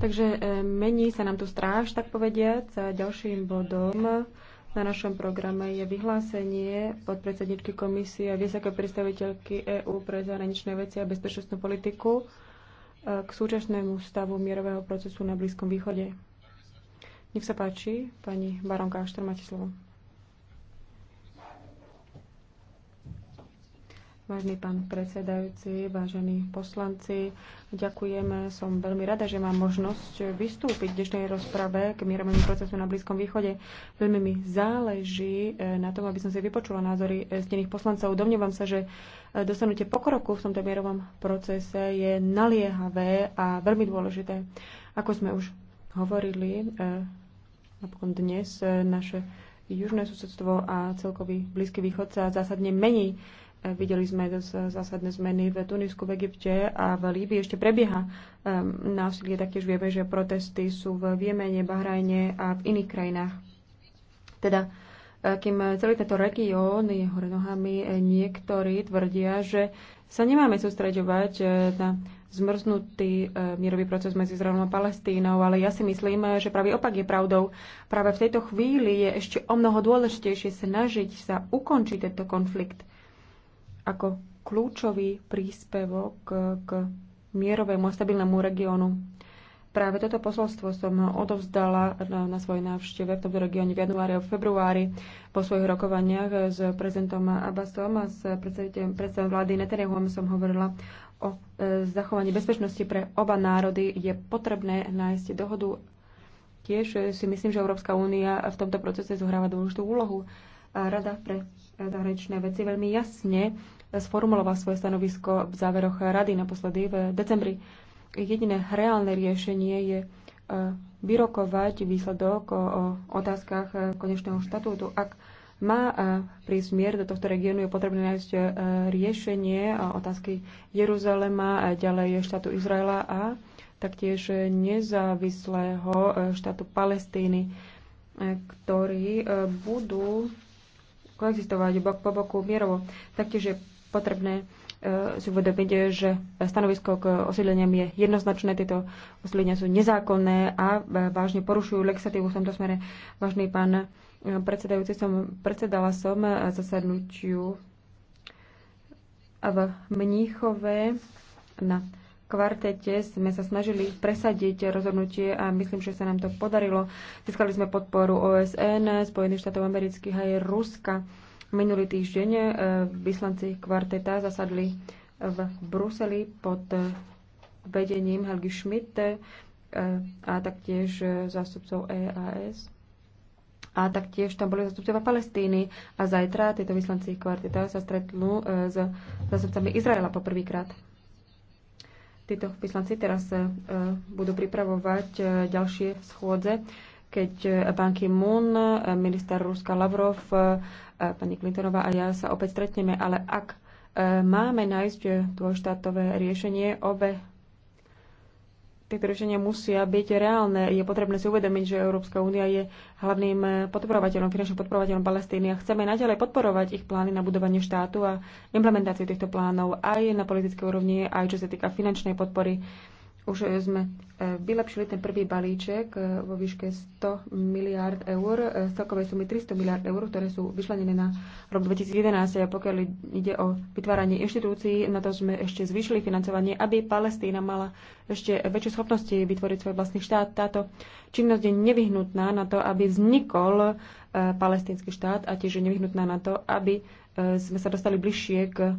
Takže e, mení sa nám tu stráž, tak povediac. A ďalším bodom na našom programe je vyhlásenie podpredsedničky komisie a vysokej predstaviteľky EÚ pre zahraničné veci a bezpečnostnú politiku e, k súčasnému stavu mierového procesu na Blízkom východe. Nech sa páči, pani Baronka Ašter, máte slovo. Vážený pán predsedajúci, vážení poslanci, ďakujeme. Som veľmi rada, že mám možnosť vystúpiť v dnešnej rozprave k mierovému procesu na Blízkom východe. Veľmi mi záleží eh, na tom, aby som si vypočula názory eh, stených poslancov. Domnievam sa, že eh, dostanutie pokroku v tomto mierovom procese je naliehavé a veľmi dôležité. Ako sme už hovorili, napokon dnes naše južné susedstvo a celkový Blízky východ sa zásadne mení Eh, videli sme zásadné zmeny v Tunisku, v Egypte a v Líbii. Ešte prebieha ehm, násilie. Taktiež vieme, že protesty sú v Viemene, Bahrajne a v iných krajinách. Teda, eh, kým celý tento región je hore nohami, eh, niektorí tvrdia, že sa nemáme sústreďovať na zmrznutý mierový proces medzi Izraelom a Palestínou, ale ja si myslím, že pravý opak je pravdou. Práve v tejto chvíli je ešte o mnoho dôležitejšie snažiť sa ukončiť tento konflikt ako kľúčový príspevok k mierovému a stabilnému regiónu. Práve toto posolstvo som odovzdala na, na svojej návšteve v tomto regióne v januári a v februári po svojich rokovaniach s prezidentom Abbasom a s predsedom vlády Netanyahuom som hovorila o e, zachovaní bezpečnosti pre oba národy. Je potrebné nájsť dohodu. Tiež si myslím, že Európska únia v tomto procese zohráva dôležitú úlohu. A Rada pre zahraničné veci veľmi jasne sformuloval svoje stanovisko v záveroch rady naposledy v decembri. Jediné reálne riešenie je e, vyrokovať výsledok o, otázkach e, konečného štatútu. Ak má e, prísť mier do tohto regiónu, je potrebné nájsť riešenie otázky Jeruzalema, a ďalej štátu Izraela a taktiež nezávislého štátu Palestíny, ktorí budú koexistovať bok po boku mierovo. Taktiež je potrebné e, si uvedomiť, že stanovisko k osídleniam je jednoznačné, tieto osídlenia sú nezákonné a e, vážne porušujú legislatívu v tomto smere. Vážny pán e, predsedajúci, som, predsedala som zasadnutiu v Mníchove na kvartete sme sa snažili presadiť rozhodnutie a myslím, že sa nám to podarilo. Získali sme podporu OSN, Spojených štátov amerických a aj Ruska Minulý týždeň e, vyslanci kvarteta zasadli v Bruseli pod e, vedením Helgi Schmidt e, a taktiež zástupcov EAS. A taktiež tam boli zastupcovia Palestíny. A zajtra tieto vyslanci kvarteta sa stretnú s zastupcami Izraela poprvýkrát. Títo vyslanci teraz budú pripravovať ďalšie schôdze keď e, Ban Ki-moon, e, minister Ruska Lavrov, e, pani Clintonová a ja sa opäť stretneme, ale ak máme nájsť dvojštátové riešenie, obe tieto riešenia musia byť reálne. Je potrebné si uvedomiť, že Európska únia je hlavným podporovateľom, finančným podporovateľom Palestíny a chceme naďalej podporovať ich plány na budovanie štátu a implementáciu týchto plánov aj na politické úrovni, aj čo sa týka finančnej podpory. Uh, už sme e, vylepšili ten prvý balíček e, vo výške 100 miliárd eur, e, z celkovej sumy 300 miliárd eur, ktoré sú vyšlenené na rok 2011. A pokiaľ ide o vytváranie inštitúcií, na to sme ešte zvýšili financovanie, aby Palestína mala ešte väčšie schopnosti vytvoriť svoj vlastný štát. Táto činnosť je nevyhnutná na to, aby vznikol palestínsky štát a tiež je nevyhnutná na to, aby sme sa dostali bližšie k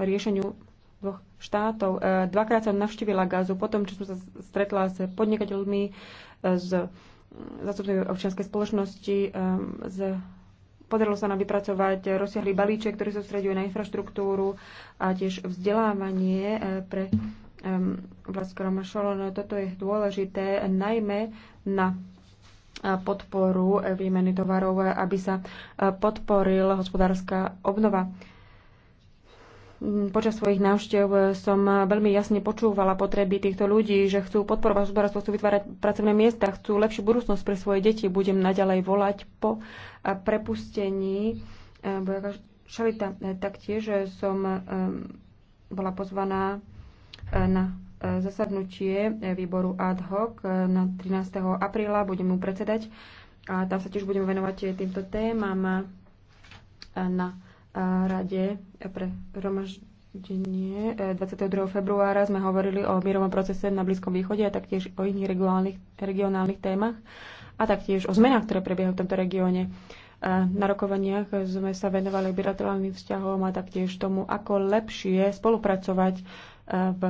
riešeniu dvoch štátov. E, dvakrát som navštívila Gazu, potom, čo som sa stretla s podnikateľmi, e, s zástupcami občianskej spoločnosti, e, z... Podarilo sa nám vypracovať rozsiahlý balíček, ktorý sa sústreduje na infraštruktúru a tiež vzdelávanie pre vlast Kromašolon. No, toto je dôležité najmä na podporu výmeny tovarov, aby sa podporila hospodárska obnova počas svojich návštev e, som e, veľmi jasne počúvala potreby týchto ľudí, že chcú podporovať hospodárstvo, chcú vytvárať pracovné miesta, chcú lepšiu budúcnosť pre svoje deti. Budem naďalej volať po e, prepustení Šalita. Taktiež som bola pozvaná na zasadnutie výboru ad hoc na 13. apríla. Budem mu predsedať a tam sa tiež budem venovať týmto témam na rade pre romaždenie 22. E, februára sme hovorili o mírovom procese na Blízkom východe a taktiež o iných regionálnych, regionálnych témach a taktiež o zmenách, ktoré prebiehajú v tomto regióne. E, na rokovaniach sme sa venovali bilaterálnym vzťahom a taktiež tomu, ako lepšie spolupracovať e, v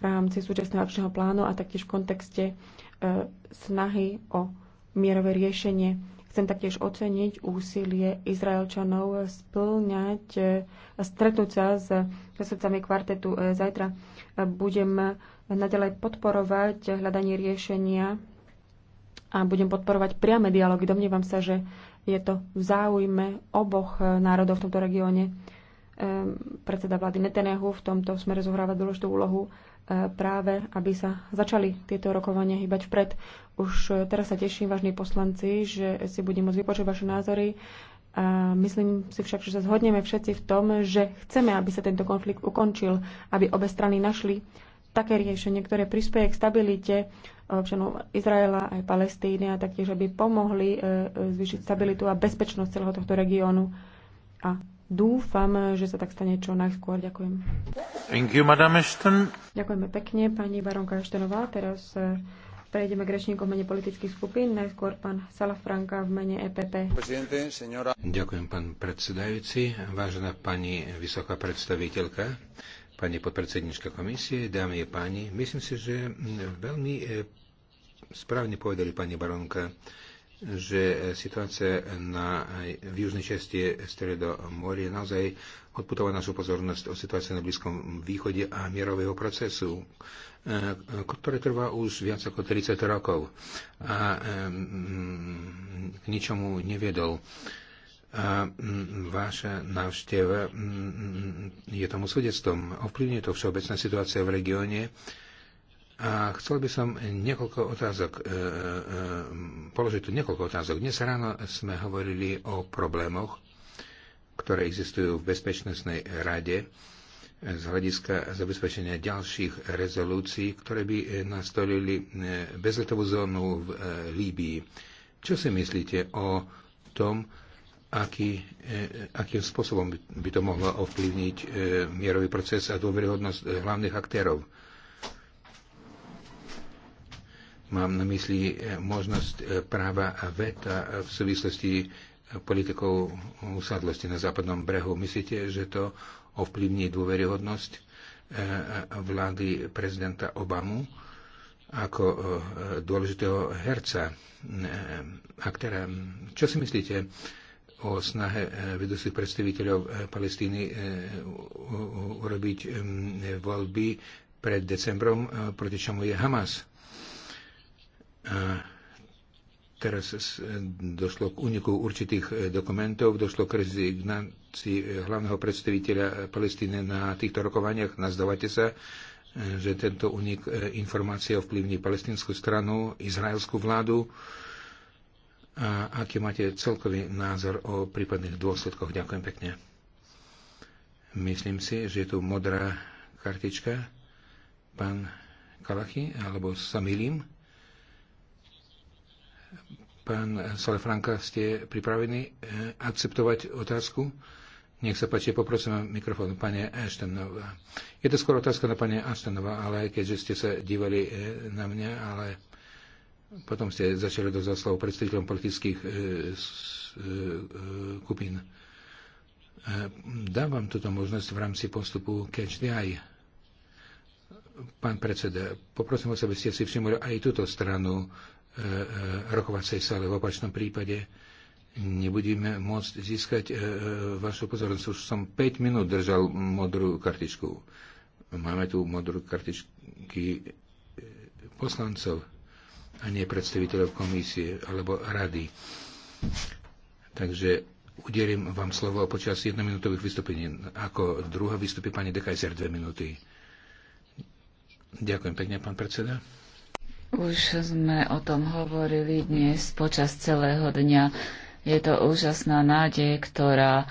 rámci súčasného akčného plánu a taktiež v kontekste snahy o mierové riešenie Chcem taktiež oceniť úsilie Izraelčanov splňať a stretnúť sa s srdcami kvartetu e, zajtra. Budem naďalej podporovať hľadanie riešenia a budem podporovať priame dialógy. Domnievam sa, že je to v záujme oboch národov v tomto regióne. Ehm, predseda vlády Netanyahu v tomto smere zohráva dôležitú úlohu E, práve, aby sa začali tieto rokovania hýbať vpred. Už e, teraz sa teším, vážni poslanci, že si budem môcť vypočuť vaše názory. A e, myslím si však, že sa zhodneme všetci v tom, že chceme, aby sa tento konflikt ukončil, aby obe strany našli také riešenie, ktoré prispieje k stabilite občanov Izraela aj Palestíny a taktiež, aby pomohli zvýšiť stabilitu a bezpečnosť celého tohto regiónu a Dúfam, že sa tak stane čo najskôr. Ďakujem. Thank you, Madam Ashton. Ďakujeme pekne, pani baronka Ashtonová. Teraz e, prejdeme k rečníkom mene politických skupín. Najskôr pán Salaf Franka v mene EPP. Ďakujem, pán predsedajúci. Vážená pani vysoká predstaviteľka, pani podpredsednička komisie, dámy a páni, myslím si, že veľmi e, správne povedali pani baronka že e, situácia na, v južnej časti je naozaj odputová našu pozornosť o situácii na Blízkom východe a mierového procesu, e, ktoré trvá už viac ako 30 rokov a e, k ničomu neviedol. A vaša návšteva je tomu svedectvom. Ovplyvňuje to všeobecná situácia v regióne a chcel by som niekoľko otázok, e, e, e, položiť tu niekoľko otázok. Dnes ráno sme hovorili o problémoch, ktoré existujú v Bezpečnostnej rade z hľadiska zabezpečenia ďalších rezolúcií, ktoré by nastolili bezletovú zónu v Líbii. Čo si myslíte o tom, aký, akým spôsobom by to mohlo ovplyvniť mierový proces a dôveryhodnosť hlavných aktérov? Mám na mysli e, možnosť e, práva veta e, v súvislosti politikou usadlosti na západnom brehu. Myslíte, že to ovplyvní dôveryhodnosť vlády prezidenta Obamu ako dôležitého herca, aktéra. Čo si myslíte o snahe vedúcich predstaviteľov Palestíny urobiť voľby pred decembrom, proti čomu je Hamas? A teraz došlo k úniku určitých e, dokumentov, došlo k rezignácii e, hlavného predstaviteľa Palestíny na týchto rokovaniach. Nazdávate sa, e, že tento únik informácie ovplyvní palestinskú stranu, izraelskú vládu. A aký máte celkový názor o prípadných dôsledkoch? Ďakujem pekne. Myslím si, že je tu modrá kartička. Pán Kalachy, alebo sa milím. Pán Salafranka, ste pripravení eh, akceptovať otázku? Nech sa páči, poprosím mikrofón pani Ashtonová. Je to skôr otázka na pani Ashtonová, ale keďže ste sa dívali eh, na mňa, ale potom ste začali do zaslavu predstaviteľom politických eh, kupín. Dávam túto možnosť v rámci postupu Catch the Eye. Pán predseda, poprosím vás, aby ste si všimli aj túto stranu e, e, rokovacej sále. V opačnom prípade nebudeme môcť získať e, vašu pozornosť. Už som 5 minút držal modrú kartičku. Máme tu modrú kartičky poslancov a nie predstaviteľov komisie alebo rady. Takže udelím vám slovo počas jednominútových vystúpení. Ako druhá vystúpi pani Dekajzer dve minúty. Ďakujem pekne, pán predseda. Už sme o tom hovorili dnes počas celého dňa. Je to úžasná nádej, ktorá e,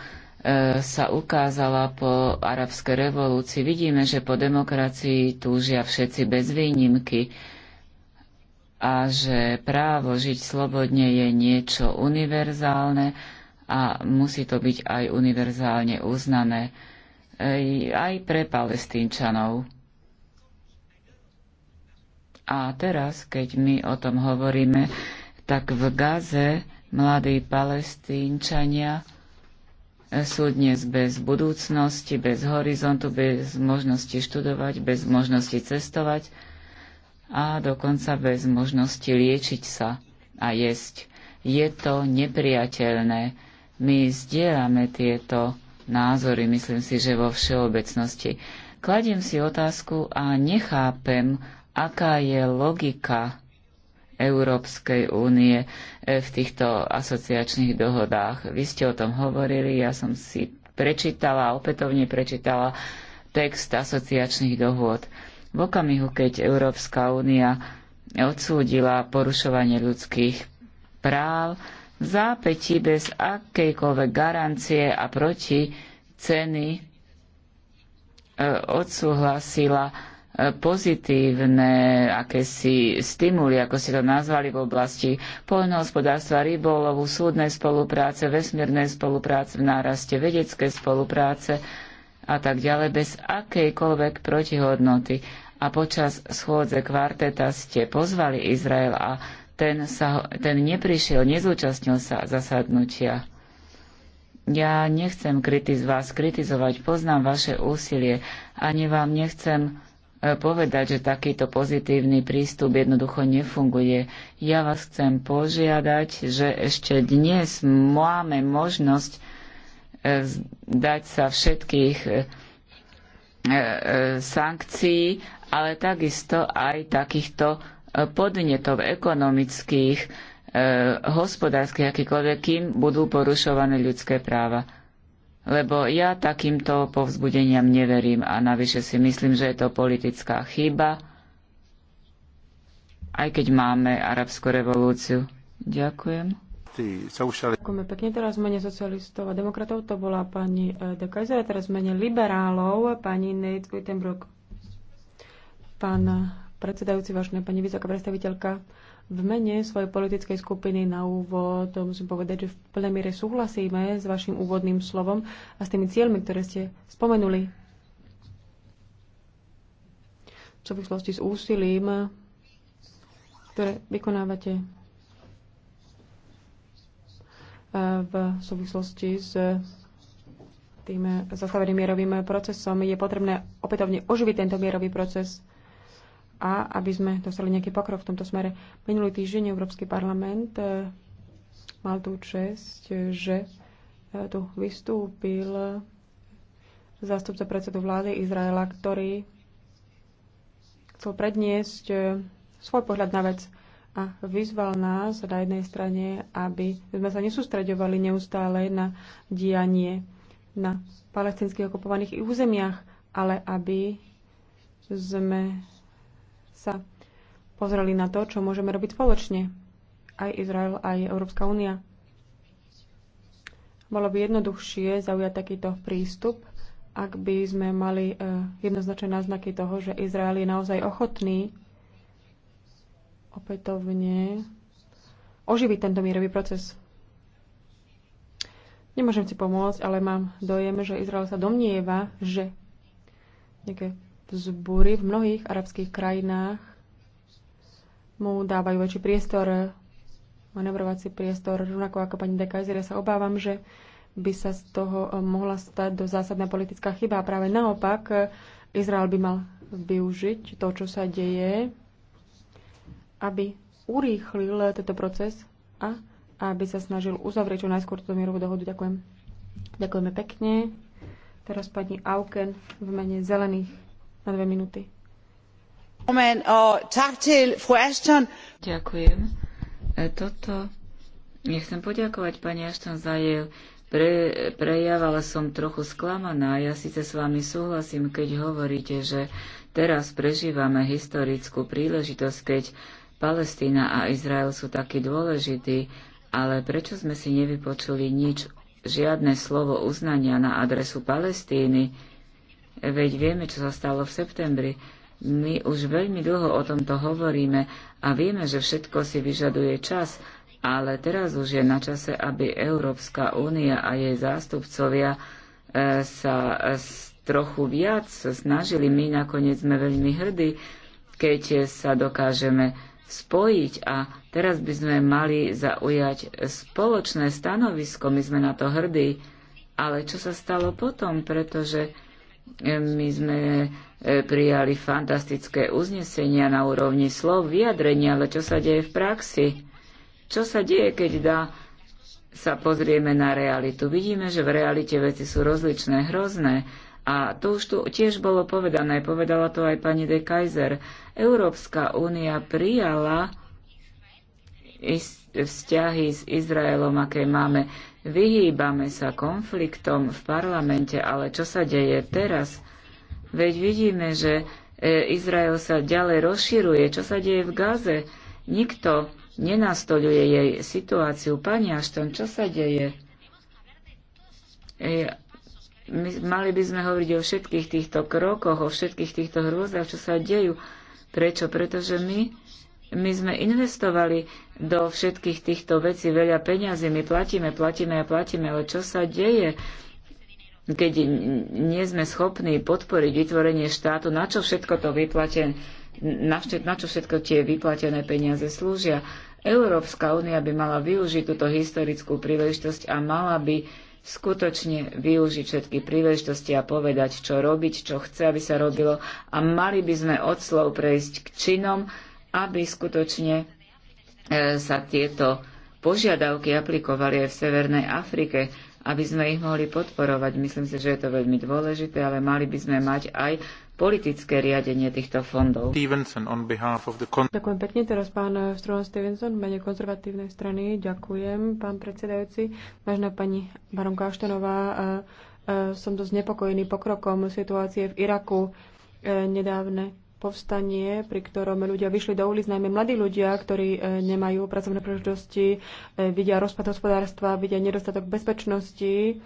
sa ukázala po arabskej revolúcii. Vidíme, že po demokracii túžia všetci bez výnimky a že právo žiť slobodne je niečo univerzálne a musí to byť aj univerzálne uznané e, aj pre palestínčanov. A teraz, keď my o tom hovoríme, tak v Gaze mladí palestínčania e, sú dnes bez budúcnosti, bez horizontu, bez možnosti študovať, bez možnosti cestovať a dokonca bez možnosti liečiť sa a jesť. Je to nepriateľné. My zdieľame tieto názory, myslím si, že vo všeobecnosti. Kladiem si otázku a nechápem, aká je logika Európskej únie eh, v týchto asociačných dohodách. Vy ste o tom hovorili, ja som si prečítala, opätovne prečítala text asociačných dohôd. V okamihu, keď Európska únia odsúdila porušovanie ľudských práv, v bez akejkoľvek garancie a proti ceny eh, odsúhlasila pozitívne akési stimuly, ako ste to nazvali v oblasti poľnohospodárstva, rybolovu, súdnej spolupráce, vesmírnej spolupráce, v náraste vedeckej spolupráce a tak ďalej, bez akejkoľvek protihodnoty. A počas schôdze kvarteta ste pozvali Izrael a ten, sa, ten neprišiel, nezúčastnil sa zasadnutia. Ja nechcem kritiz vás kritizovať, poznám vaše úsilie, ani vám nechcem povedať, že takýto pozitívny prístup jednoducho nefunguje. Ja vás chcem požiadať, že ešte dnes máme možnosť e, dať sa všetkých e, e, sankcií, ale takisto aj takýchto podnetov ekonomických, hospodárskych, akýkoľvek, kým budú porušované ľudské práva lebo ja takýmto povzbudeniam neverím a navyše si myslím, že je to politická chyba, aj keď máme arabskú revolúciu. Ďakujem. Ďakujeme pekne. Teraz mene socialistov a demokratov to bola pani e, De Kaiser, teraz mene liberálov pani Nate Wittenbrook. Pán predsedajúci, vážne pani vysoká predstaviteľka, v mene svojej politickej skupiny na úvod musím povedať, že v plnej miere súhlasíme s vašim úvodným slovom a s tými cieľmi, ktoré ste spomenuli. V súvislosti s úsilím, ktoré vykonávate v súvislosti s tým zastaveným mierovým procesom, je potrebné opätovne oživiť tento mierový proces a aby sme dostali nejaký pokrok v tomto smere. Minulý týždeň Európsky parlament e, mal tú čest, že e, tu vystúpil zástupca predsedu vlády Izraela, ktorý chcel predniesť e, svoj pohľad na vec a vyzval nás na jednej strane, aby sme sa nesústreďovali neustále na dianie na palestinských okupovaných územiach, ale aby sme sa pozreli na to, čo môžeme robiť spoločne. Aj Izrael, aj Európska únia. Bolo by jednoduchšie zaujať takýto prístup, ak by sme mali e, jednoznačné náznaky toho, že Izrael je naozaj ochotný opätovne oživiť tento mierový proces. Nemôžem si pomôcť, ale mám dojem, že Izrael sa domnieva, že nejaké vzbúry v mnohých arabských krajinách mu dávajú väčší priestor, manevrovací priestor, rovnako ako pani Dekajzer. Ja sa obávam, že by sa z toho eh, mohla stať do zásadná politická chyba. A práve naopak, eh, Izrael by mal využiť to, čo sa deje, aby urýchlil eh, tento proces a aby sa snažil uzavrieť čo najskôr túto mierovú dohodu. Ďakujem. Ďakujeme pekne. Teraz pani Auken v mene zelených na dve minúty. Ďakujem. E, toto nechcem poďakovať pani Ashton za jej pre, prejav, ale som trochu sklamaná. Ja síce s vami súhlasím, keď hovoríte, že teraz prežívame historickú príležitosť, keď Palestína a Izrael sú takí dôležití, ale prečo sme si nevypočuli nič, žiadne slovo uznania na adresu Palestíny? Veď vieme, čo sa stalo v septembri. My už veľmi dlho o tomto hovoríme a vieme, že všetko si vyžaduje čas, ale teraz už je na čase, aby Európska únia a jej zástupcovia e, sa e, trochu viac snažili. My nakoniec sme veľmi hrdí, keď sa dokážeme spojiť a teraz by sme mali zaujať spoločné stanovisko. My sme na to hrdí. Ale čo sa stalo potom? Pretože my sme e, prijali fantastické uznesenia na úrovni slov, vyjadrenia, ale čo sa deje v praxi? Čo sa deje, keď dá, sa pozrieme na realitu? Vidíme, že v realite veci sú rozličné, hrozné. A to už tu tiež bolo povedané, povedala to aj pani de Kaiser. Európska únia prijala vzťahy s Izraelom, aké máme Vyhýbame sa konfliktom v parlamente, ale čo sa deje teraz? Veď vidíme, že e, Izrael sa ďalej rozširuje. Čo sa deje v Gaze? Nikto nenastoluje jej situáciu. Pani Ašton, čo sa deje? E, my, mali by sme hovoriť o všetkých týchto krokoch, o všetkých týchto hrôzach, čo sa dejú. Prečo? Pretože my my sme investovali do všetkých týchto vecí veľa peňazí, my platíme, platíme a platíme, ale čo sa deje, keď nie sme schopní podporiť vytvorenie štátu, na čo všetko to vyplatené, na, na čo všetko tie vyplatené peniaze slúžia. Európska únia by mala využiť túto historickú príležitosť a mala by skutočne využiť všetky príležitosti a povedať, čo robiť, čo chce, aby sa robilo a mali by sme od slov prejsť k činom, aby skutočne e, sa tieto požiadavky aplikovali aj v Severnej Afrike, aby sme ich mohli podporovať. Myslím si, že je to veľmi dôležité, ale mali by sme mať aj politické riadenie týchto fondov. Stevenson on behalf of the Ďakujem pekne. Teraz pán Struhan Stevenson, mene konzervatívnej strany. Ďakujem, pán predsedajúci. Vážna pani Baronka Aštenová, e, e, som dosť nepokojený pokrokom situácie v Iraku nedávne povstanie, pri ktorom ľudia vyšli do ulic, najmä mladí ľudia, ktorí e, nemajú pracovné príležitosti, e, vidia rozpad hospodárstva, vidia nedostatok bezpečnosti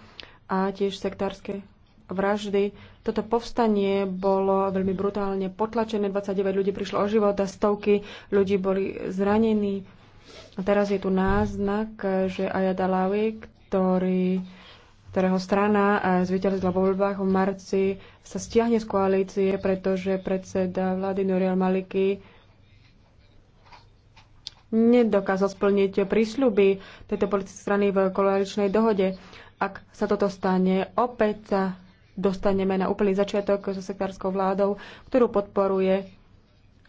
a tiež sektárske vraždy. Toto povstanie bolo veľmi brutálne potlačené, 29 ľudí prišlo o život a stovky ľudí boli zranení. A teraz je tu náznak, e, že Ayad Alawi, ktorý ktorého strana eh, zvíťazila vo voľbách v marci, sa stiahne z koalície, pretože predseda vlády Nuriel Maliki nedokázal splniť prísľuby tejto politické strany v koaličnej dohode. Ak sa toto stane, opäť sa dostaneme na úplný začiatok so sektárskou vládou, ktorú podporuje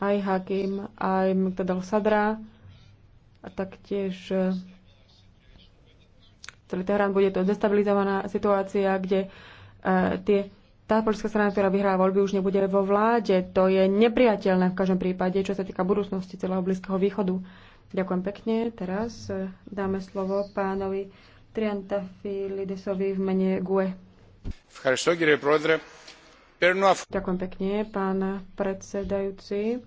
aj Hakim, aj Mqtadal Sadra a taktiež celý Teherán. Bude to destabilizovaná situácia, kde uh, tie, tá politická strana, ktorá vyhrá voľby, už nebude vo vláde. To je nepriateľné v každom prípade, čo sa týka budúcnosti celého Blízkeho východu. Ďakujem pekne. Teraz e, dáme slovo pánovi Triantafilidesovi v mene GUE. Ďakujem pekne, pán predsedajúci.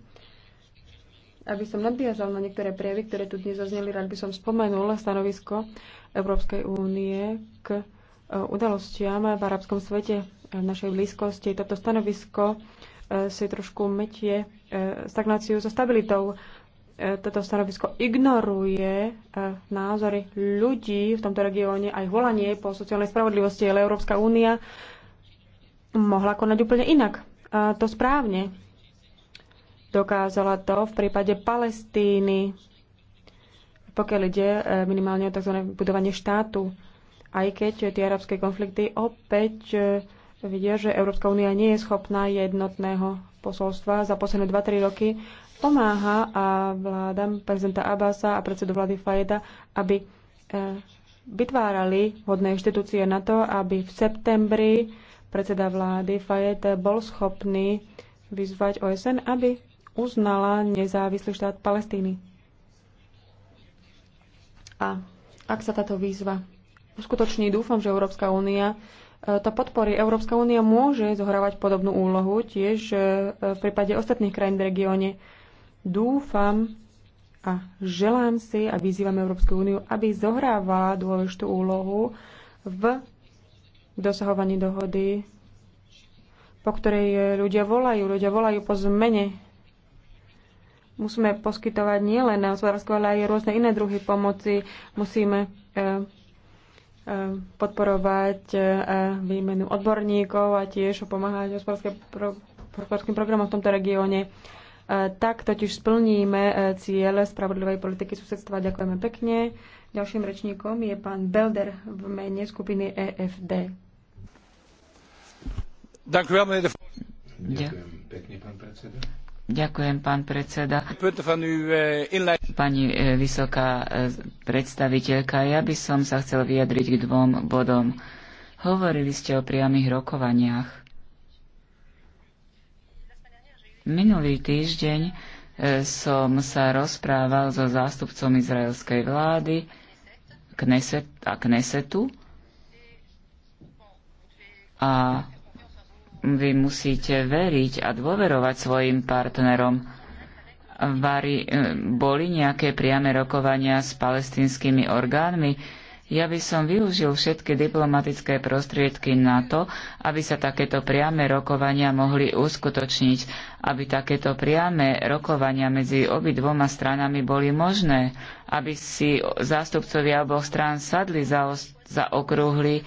Aby som nadviazal na niektoré prejavy, ktoré tu dnes zazneli, rád by som spomenul stanovisko Európskej únie k e, udalostiam v arabskom svete v našej blízkosti. Toto stanovisko e, si trošku metie e, stagnáciu so stabilitou. Toto stanovisko ignoruje názory ľudí v tomto regióne aj volanie po sociálnej spravodlivosti, ale Európska únia mohla konať úplne inak. A to správne. Dokázala to v prípade Palestíny, pokiaľ ide e, minimálne o tzv. budovanie štátu. Aj keď tie arabské konflikty opäť e, vidia, že Európska únia nie je schopná jednotného posolstva za posledné 2-3 roky, pomáha a vládam prezidenta Abasa a predsedu vlády Fajeda, aby e, vytvárali hodné inštitúcie na to, aby v septembri predseda vlády Fajed bol schopný vyzvať OSN, aby uznala nezávislý štát Palestíny. A ak sa táto výzva uskutoční, dúfam, že Európska únia e, to podporí. Európska únia môže zohrávať podobnú úlohu tiež e, v prípade ostatných krajín v regióne. Dúfam a želám si a vyzývam Európsku úniu, aby zohrávala dôležitú úlohu v dosahovaní dohody, po ktorej ľudia volajú. Ľudia volajú po zmene Musíme poskytovať nielen na hospodárstvo, ale aj rôzne iné druhy pomoci. Musíme e, e, podporovať e, výmenu odborníkov a tiež pomáhať hospodárskym programom v tomto regióne. Tak totiž splníme ciele spravodlivej politiky susedstva. Ďakujeme pekne. Ďalším rečníkom je pán Belder v mene skupiny EFD. Ďakujem pekne, pán predseda. Ďakujem, pán predseda. Eh, Pani eh, vysoká eh, predstaviteľka, ja by som sa chcel vyjadriť k dvom bodom. Hovorili ste o priamých rokovaniach. Minulý týždeň som sa rozprával so zástupcom izraelskej vlády Kneset a Knesetu a vy musíte veriť a dôverovať svojim partnerom. Vari, e, boli nejaké priame rokovania s palestinskými orgánmi? Ja by som využil všetky diplomatické prostriedky na to, aby sa takéto priame rokovania mohli uskutočniť, aby takéto priame rokovania medzi obi dvoma stranami boli možné, aby si zástupcovia oboch strán sadli za, za okrúhly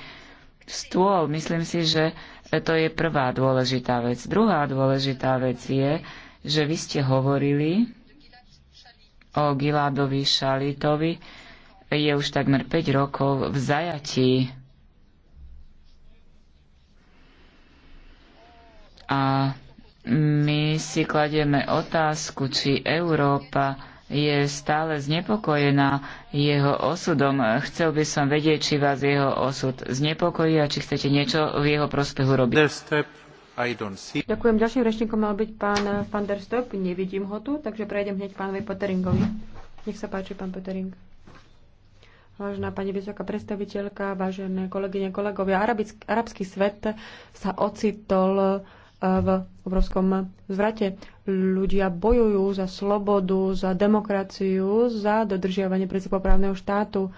stôl. Myslím si, že E, to je prvá dôležitá vec. Druhá dôležitá vec je, že vy ste hovorili o Giládovi Šalitovi. Je už takmer 5 rokov v zajatí. A my si kladieme otázku, či Európa je stále znepokojená jeho osudom. Chcel by som vedieť, či vás jeho osud znepokojí a či chcete niečo v jeho prospehu robiť. Ďakujem. Ďalším rečníkom mal byť pán Van eh, der Stop. Nevidím ho tu, takže prejdem hneď pánovi Poteringovi. Nech sa páči, pán Potering. Vážená pani vysoká predstaviteľka, vážené kolegyne, kolegovia, arabický, arabský svet sa ocitol v obrovskom zvrate. Ľudia bojujú za slobodu, za demokraciu, za dodržiavanie princípov právneho štátu.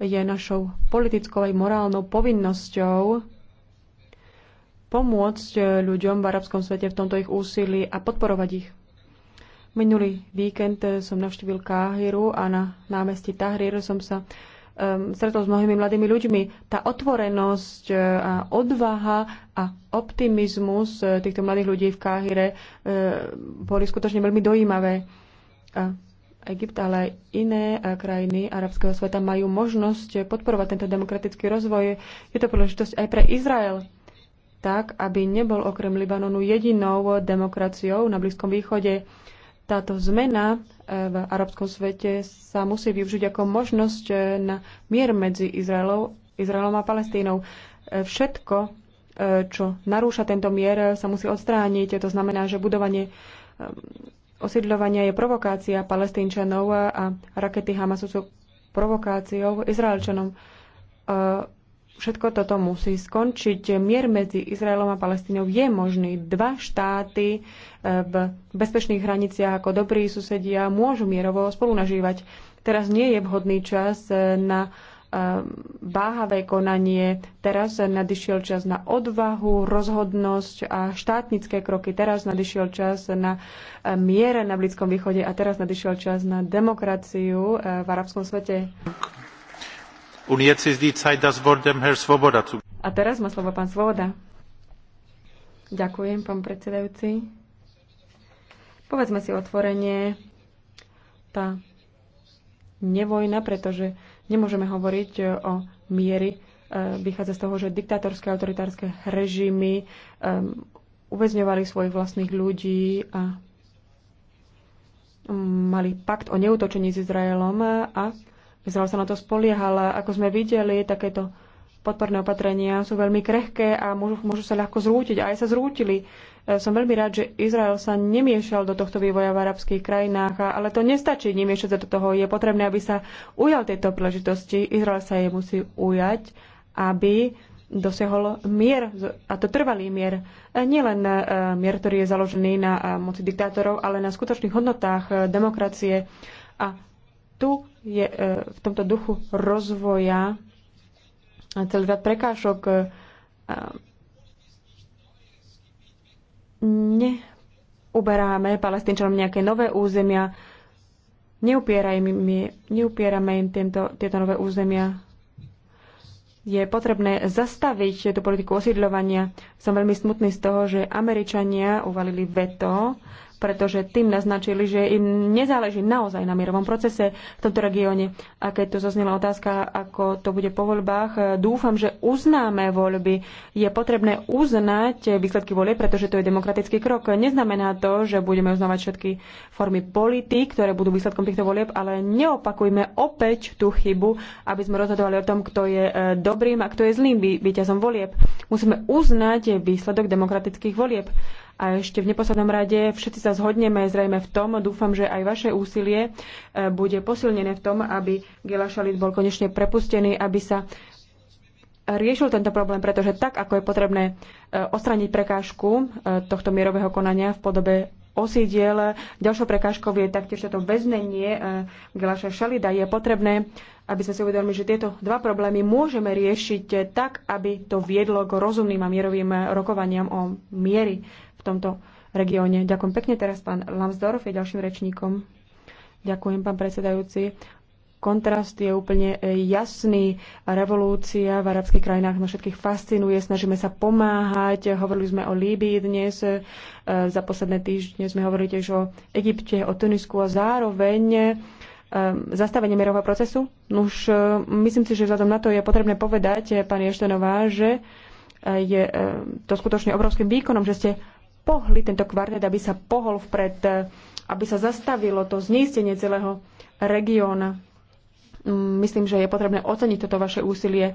Je našou politickou aj morálnou povinnosťou pomôcť ľuďom v arabskom svete v tomto ich úsilí a podporovať ich. Minulý víkend som navštívil Káhiru a na námestí Tahrir som sa um, stretol s mnohými mladými ľuďmi. Tá otvorenosť uh, a odvaha a optimizmus uh, týchto mladých ľudí v Káhire uh, boli skutočne veľmi dojímavé. A Egypt, ale aj iné uh, krajiny arabského sveta majú možnosť podporovať tento demokratický rozvoj. Je to príležitosť aj pre Izrael tak, aby nebol okrem Libanonu jedinou demokraciou na Blízkom východe. Táto zmena e, v arabskom svete sa musí využiť ako možnosť e, na mier medzi Izraelom, Izraelom a Palestínou. E, všetko, čo narúša tento mier, sa musí odstrániť. To znamená, že budovanie osídľovania je provokácia palestínčanov a rakety Hamasu sú provokáciou Izraelčanom všetko toto musí skončiť. Mier medzi Izraelom a Palestínou je možný. Dva štáty eh, v bezpečných hraniciach ako dobrí susedia môžu mierovo spolunažívať. Teraz nie je vhodný čas eh, na váhavé eh, konanie. Teraz nadišiel čas na odvahu, rozhodnosť a štátnické kroky. Teraz nadišiel čas na mier na Blízkom východe a teraz nadišiel čas na demokraciu v arabskom svete. Und jetzt ist die Zeit, das Wort dem Svoboda zu... A teraz má slovo pán Svoboda. Ďakujem, pán predsedajúci. Povedzme si otvorenie, tá nevojna, pretože nemôžeme hovoriť e, o miery. E, vychádza z toho, že diktátorské autoritárske režimy um, uväzňovali svojich vlastných ľudí a mali pakt o neutočení s Izraelom a Izrael sa na to spoliehala. Ako sme videli, takéto podporné opatrenia sú veľmi krehké a môžu, môžu sa ľahko zrútiť. A aj sa zrútili. E, som veľmi rád, že Izrael sa nemiešal do tohto vývoja v arabských krajinách, ale to nestačí nemiešať sa do toho. Je potrebné, aby sa ujal tejto príležitosti. Izrael sa jej musí ujať, aby dosiahol mier, a to trvalý mier. E, nielen e, mier, ktorý je založený na moci diktátorov, ale na skutočných hodnotách demokracie. A tu je e, v tomto duchu rozvoja celý rad prekážok e, neuberáme palestínčanom nejaké nové územia, neupierajme, neupierame im tento, tieto nové územia. Je potrebné zastaviť tú politiku osídľovania. Som veľmi smutný z toho, že Američania uvalili veto pretože tým naznačili, že im nezáleží naozaj na mierovom procese v tomto regióne. A keď tu zaznela otázka, ako to bude po voľbách, eh, dúfam, že uznáme voľby. Je potrebné uznať výsledky volie, pretože to je demokratický krok. Neznamená to, že budeme uznávať všetky formy politik, ktoré budú výsledkom týchto volieb, ale neopakujme opäť tú chybu, aby sme rozhodovali o tom, kto je eh, dobrým a kto je zlým víťazom volieb. Musíme uznať výsledok demokratických volieb. A ešte v neposlednom rade všetci sa zhodneme zrejme v tom, dúfam, že aj vaše úsilie e, bude posilnené v tom, aby Gila Šalit bol konečne prepustený, aby sa riešil tento problém, pretože tak, ako je potrebné e, ostraniť prekážku e, tohto mierového konania v podobe osídiel, Ďalšou prekážkou je taktiež toto väznenie Gilaša Šalida. Je potrebné, aby sme si uvedomili, že tieto dva problémy môžeme riešiť tak, aby to viedlo k rozumným a mierovým rokovaniam o miery v tomto regióne. Ďakujem pekne teraz pán Lambsdorff je ďalším rečníkom. Ďakujem pán predsedajúci. Kontrast je úplne e, jasný. Revolúcia v arabských krajinách na všetkých fascinuje. Snažíme sa pomáhať. Hovorili sme o Líbii dnes. E, za posledné týždne sme hovorili tiež o Egypte, o Tunisku a zároveň e, zastavenie mierového procesu. Už myslím si, že vzhľadom na to je potrebné povedať, pani Eštenová, že je to skutočne obrovským výkonom, že ste pohli, tento kvartet, aby sa pohol vpred, e, aby sa zastavilo to zneistenie celého regióna. Mm, myslím, že je potrebné oceniť toto vaše úsilie. E,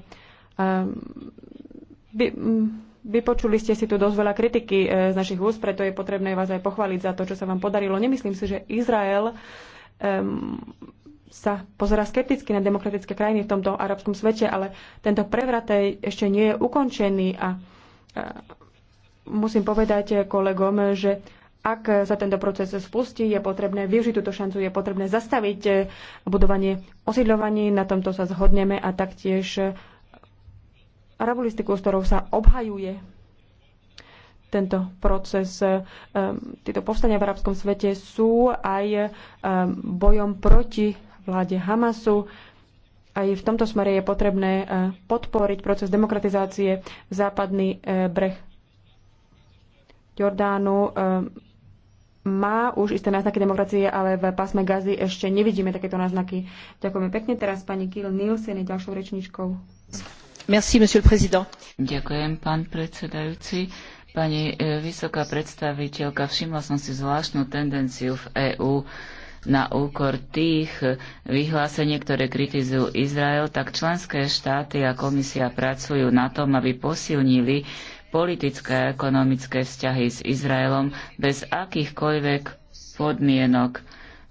vy, mm, vypočuli ste si tu dosť veľa kritiky e, z našich úst, preto je potrebné vás aj pochváliť za to, čo sa vám podarilo. Nemyslím si, že Izrael um, sa pozera skepticky na demokratické krajiny v tomto arabskom svete, ale tento prevrat ešte nie je ukončený a, a musím povedať kolegom, že ak sa tento proces spustí, je potrebné využiť túto šancu, je potrebné zastaviť eh, budovanie osídľovaní, na tomto sa zhodneme a taktiež arabulistiku, eh, s ktorou sa obhajuje tento proces. Eh, tieto povstania v arabskom svete sú aj bojom proti vláde Hamasu. Aj v tomto smere je potrebné podporiť proces demokratizácie západný breh Jordánu ehm, má už isté náznaky demokracie, ale v pásme Gazy ešte nevidíme takéto náznaky. Ďakujeme pekne. Teraz pani Kiel Nielsen je ďalšou rečníčkou. Merci, monsieur le président. Ďakujem, pán predsedajúci. Pani e, vysoká predstaviteľka, všimla som si zvláštnu tendenciu v EÚ na úkor tých vyhlásení, ktoré kritizujú Izrael, tak členské štáty a komisia pracujú na tom, aby posilnili politické a ekonomické vzťahy s Izraelom bez akýchkoľvek podmienok.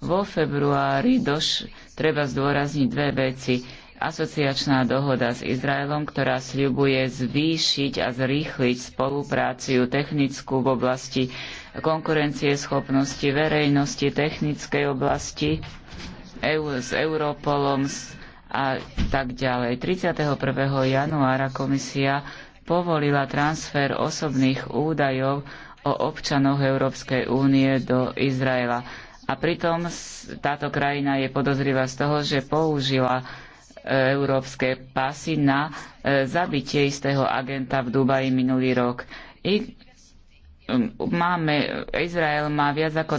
Vo februári doš- treba zdôrazniť dve veci. Asociačná dohoda s Izraelom, ktorá sľubuje zvýšiť a zrýchliť spolupráciu technickú v oblasti konkurencie schopnosti verejnosti, technickej oblasti EU, s Europolom a tak ďalej. 31. januára komisia povolila transfer osobných údajov o občanoch Európskej únie do Izraela. A pritom táto krajina je podozrivá z toho, že použila e, európske pasy na e, zabitie istého agenta v Dubaji minulý rok. I máme, Izrael má viac ako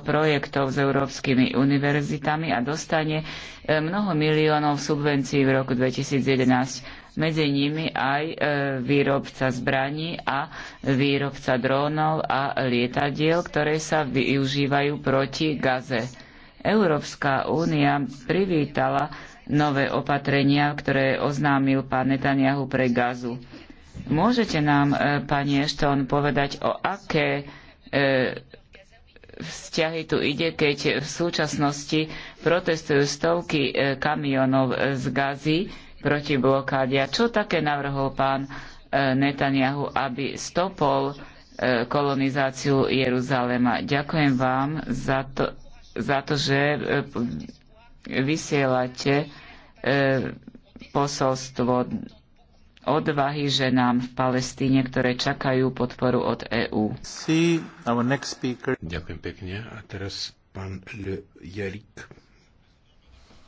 200 e, projektov s európskymi univerzitami a dostane mnoho miliónov subvencií v roku 2011 medzi nimi aj e, výrobca zbraní a výrobca drónov a lietadiel, ktoré sa využívajú proti Gaze. Európska únia privítala nové opatrenia, ktoré oznámil pán Netanyahu pre Gazu. Môžete nám, e, pani Ešton, povedať, o aké e, vzťahy tu ide, keď v súčasnosti protestujú stovky kamionov z Gazy, proti blokáde. A čo také navrhol pán e, Netanyahu, aby stopol e, kolonizáciu Jeruzalema. Ďakujem vám za to, za to že e, vysielate posolstvo odvahy ženám v Palestíne, ktoré čakajú podporu od EÚ. Ďakujem pekne. A teraz pán Le Jarik.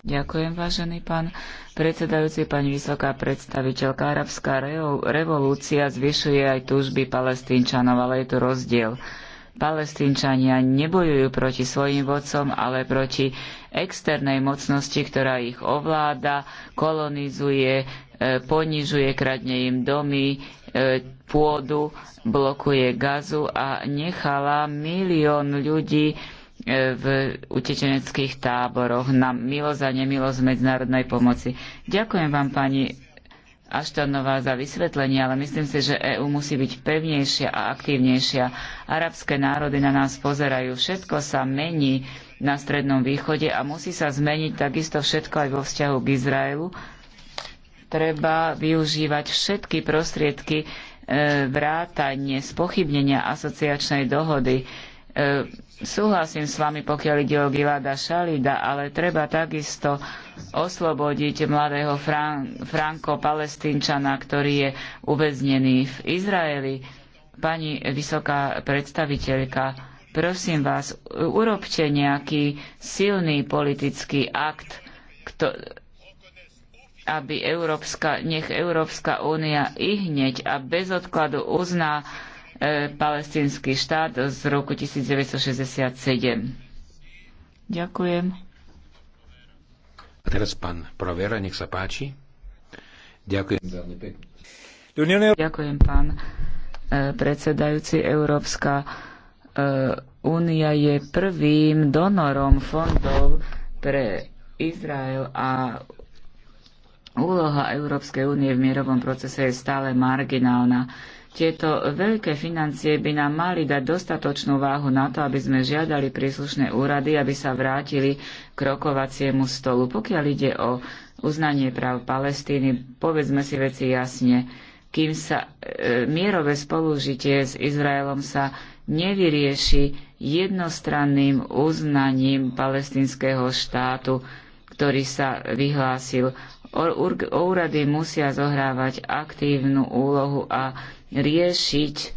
Ďakujem, vážený pán predsedajúci, pani vysoká predstaviteľka. Arabská revolúcia zvyšuje aj túžby palestínčanov, ale je tu rozdiel. Palestínčania nebojujú proti svojim vodcom, ale proti externej mocnosti, ktorá ich ovláda, kolonizuje, e, ponižuje, kradne im domy, e, pôdu, blokuje gazu a nechala milión ľudí v utečeneckých táboroch na milosť a nemilosť medzinárodnej pomoci. Ďakujem vám, pani Aštanová za vysvetlenie, ale myslím si, že EÚ musí byť pevnejšia a aktívnejšia. Arabské národy na nás pozerajú, všetko sa mení na Strednom východe a musí sa zmeniť takisto všetko aj vo vzťahu k Izraelu. Treba využívať všetky prostriedky e, vrátanie spochybnenia asociačnej dohody. E, súhlasím s vami, pokiaľ ide o Gilada Šalida, ale treba takisto oslobodiť mladého Fran- Franko-Palestínčana, ktorý je uväznený v Izraeli. Pani vysoká predstaviteľka, prosím vás, urobte nejaký silný politický akt, aby Európska, nech Európska únia i hneď a bez odkladu uzná E, palestínsky štát z roku 1967. Ďakujem. A teraz pán Provera, nech sa páči. Ďakujem Ďakujem, pán e, predsedajúci. Európska e, únia je prvým donorom fondov pre Izrael a úloha Európskej únie v mierovom procese je stále marginálna. Tieto veľké financie by nám mali dať dostatočnú váhu na to, aby sme žiadali príslušné úrady, aby sa vrátili k rokovaciemu stolu. Pokiaľ ide o uznanie práv Palestíny, povedzme si veci jasne, kým sa e, mierové spolužitie s Izraelom sa nevyrieši jednostranným uznaním palestinského štátu, ktorý sa vyhlásil. O, úrady musia zohrávať aktívnu úlohu a riešiť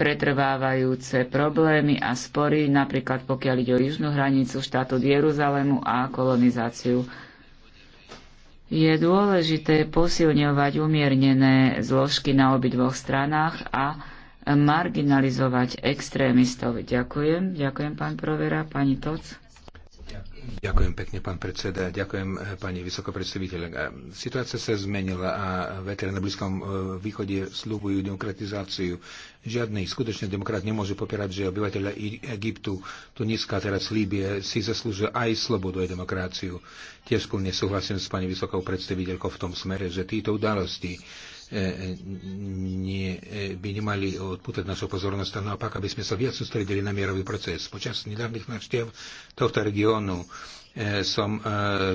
pretrvávajúce problémy a spory, napríklad pokiaľ ide o južnú hranicu štátu Jeruzalému a kolonizáciu. Je dôležité posilňovať umiernené zložky na obidvoch stranách a marginalizovať extrémistov. Ďakujem. Ďakujem, pán Provera. Pani Toc. Ďakujem pekne, pán predseda. Ďakujem, eh, pani vysokopredstaviteľ. Eh, situácia sa zmenila a veteráni na Blízkom eh, východe slúbujú demokratizáciu. Žiadny skutočný demokrat nemôže popierať, že obyvateľe Egyptu, Tuniska, teraz Líbie si zaslúžia aj slobodu a demokraciu. Tiež plne súhlasím s pani vysokou predstaviteľkou v tom smere, že títo udalosti E, e, nie, e, by nemali odpútať našu pozornosť, ale naopak, aby sme sa viac sústredili na mierový proces. Počas nedávnych návštev tohto regiónu som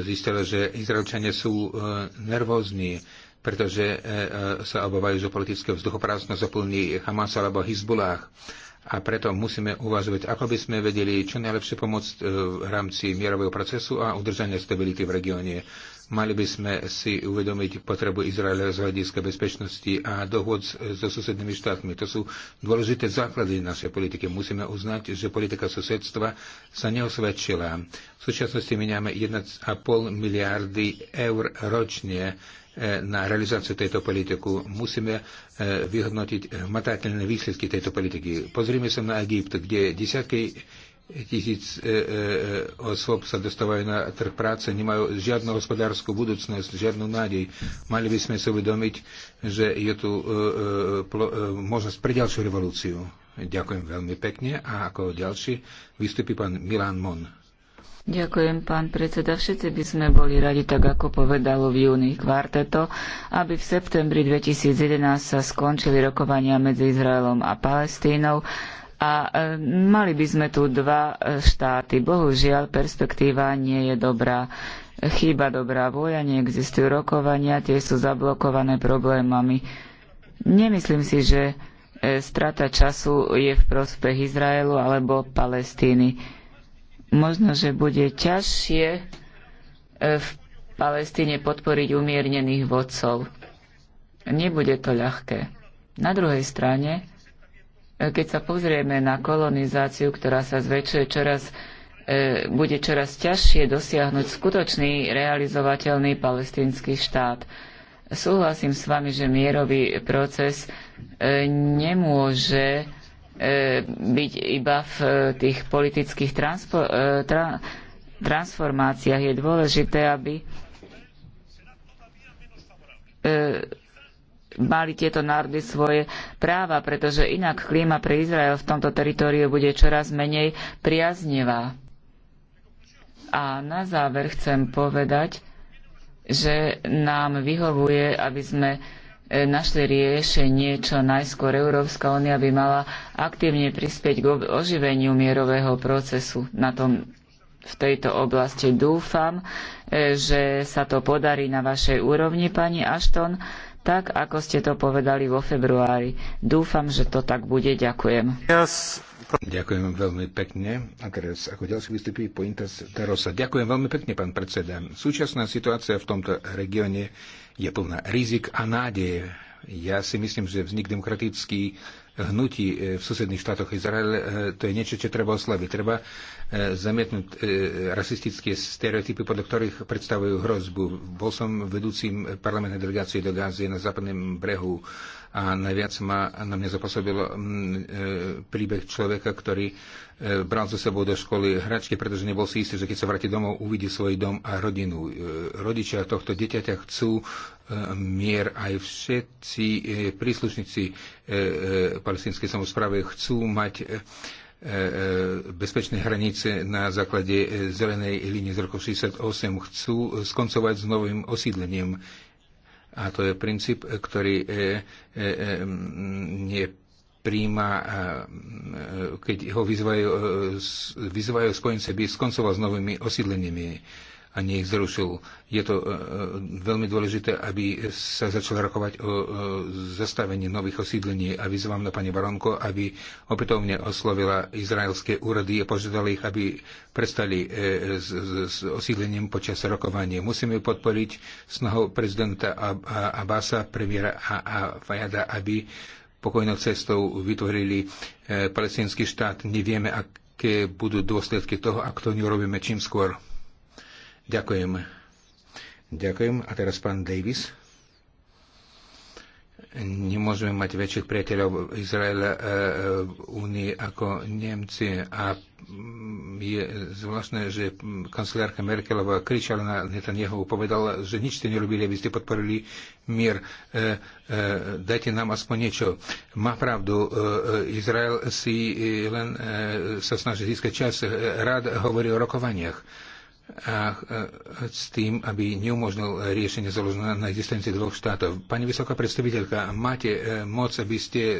zistil, že Izraelčania sú nervózni, pretože sa obávajú, že politické vzduchoprázdno zaplní Hamas alebo Hezbollah. A preto musíme uvažovať, ako by sme vedeli čo najlepšie pomôcť v rámci mierového procesu a udržania stability v regióne. Mali by sme si uvedomiť potrebu Izraela z hľadiska bezpečnosti a dohod so susednými štátmi. To sú dôležité základy našej politiky. Musíme uznať, že politika susedstva sa neosvedčila. V súčasnosti miniame 1,5 miliardy eur ročne eh, na realizáciu tejto politiku. Musíme eh, vyhodnotiť hmatateľné výsledky tejto politiky. Pozrime sa na Egypt, kde desiatky tisíc e, e, e, osôb sa dostávajú na trh práce, nemajú žiadnu hospodárskú budúcnosť, žiadnu nádej. Mali by sme si uvedomiť, že je tu možnosť pre ďalšiu revolúciu. Ďakujem veľmi pekne a ako ďalší vystupí pán Milan Mon. Ďakujem, pán predseda. Všetci by sme boli radi, tak ako povedalo v júni kvarteto, aby v septembri 2011 sa skončili rokovania medzi Izraelom a Palestínou a e, mali by sme tu dva e, štáty. Bohužiaľ, perspektíva nie je dobrá. Chýba dobrá voja, neexistujú rokovania, tie sú zablokované problémami. Nemyslím si, že e, strata času je v prospech Izraelu alebo Palestíny. Možno, že bude ťažšie v Palestíne podporiť umiernených vodcov. Nebude to ľahké. Na druhej strane, keď sa pozrieme na kolonizáciu, ktorá sa zväčšuje čoraz e, bude čoraz ťažšie dosiahnuť skutočný realizovateľný palestínsky štát. Súhlasím s vami, že mierový proces e, nemôže e, byť iba v tých politických transpo- tra- transformáciách. Je dôležité, aby mali tieto národy svoje práva, pretože inak klíma pre Izrael v tomto teritóriu bude čoraz menej priaznevá. A na záver chcem povedať, že nám vyhovuje, aby sme e, našli riešenie čo najskôr. Európska únia by mala aktívne prispieť k oživeniu mierového procesu na tom v tejto oblasti. Dúfam, e, že sa to podarí na vašej úrovni, pani Ashton tak ako ste to povedali vo februári. Dúfam, že to tak bude. Ďakujem. Yes. Ďakujem veľmi pekne. A teraz ako ďalší vystupí po Tarosa. Ďakujem veľmi pekne, pán predseda. Súčasná situácia v tomto regióne je plná rizik a nádeje. Ja si myslím, že vznik demokratický hnutí eh, v susedných štátoch Izrael, eh, to je niečo, čo treba oslaviť. Treba E, zamietnúť e, rasistické stereotypy, podľa ktorých predstavujú hrozbu. Bol som vedúcim parlamentnej delegácie do Gázie na západnom brehu a najviac ma, na mňa zapôsobil mm, e, príbeh človeka, ktorý bral so sebou do školy hračky, pretože nebol si istý, že keď sa vráti domov, uvidí svoj dom a rodinu. Rodičia tohto dieťaťa chcú mier aj všetci príslušníci palestinskej samozprávy chcú mať E, e, bezpečné hranice na základe e, zelenej línie z roku 68 chcú skoncovať s novým osídlením. A to je princíp, ktorý nie príjma, keď ho vyzvajú, vyzvajú spojence, by skoncoval s novými osídleniami a ich zrušil. Je to e, e, veľmi dôležité, aby sa začalo rokovať o e, zastavení nových osídlení a vyzvám na pani Baronko, aby opätovne oslovila izraelské úrady a požiadali ich, aby prestali s, s osídlením počas rokovania. Musíme podporiť snahu prezidenta Abasa, premiéra a Fajada, aby pokojnou cestou vytvorili palestinský štát. Nevieme, aké budú dôsledky toho, ak to neurobíme čím skôr. Ďakujem. Ďakujem. A teraz pán Davis. Nemôžeme mať väčších priateľov Izraela v Únii e, e, ako Nemci. A mm, je zvláštne, že kancelárka Merkelová kričala na Netanyahu, povedala, že nič ste nerobili, aby ste podporili mier. E, e, Dajte nám aspoň niečo. Má pravdu, e, e Izrael si len e, sa snaží získať čas. Rád hovorí o rokovaniach E, a s tým, aby neumožnil riešenie založené na existencii dvoch štátov. Pani vysoká predstaviteľka, máte e, moc, aby ste e,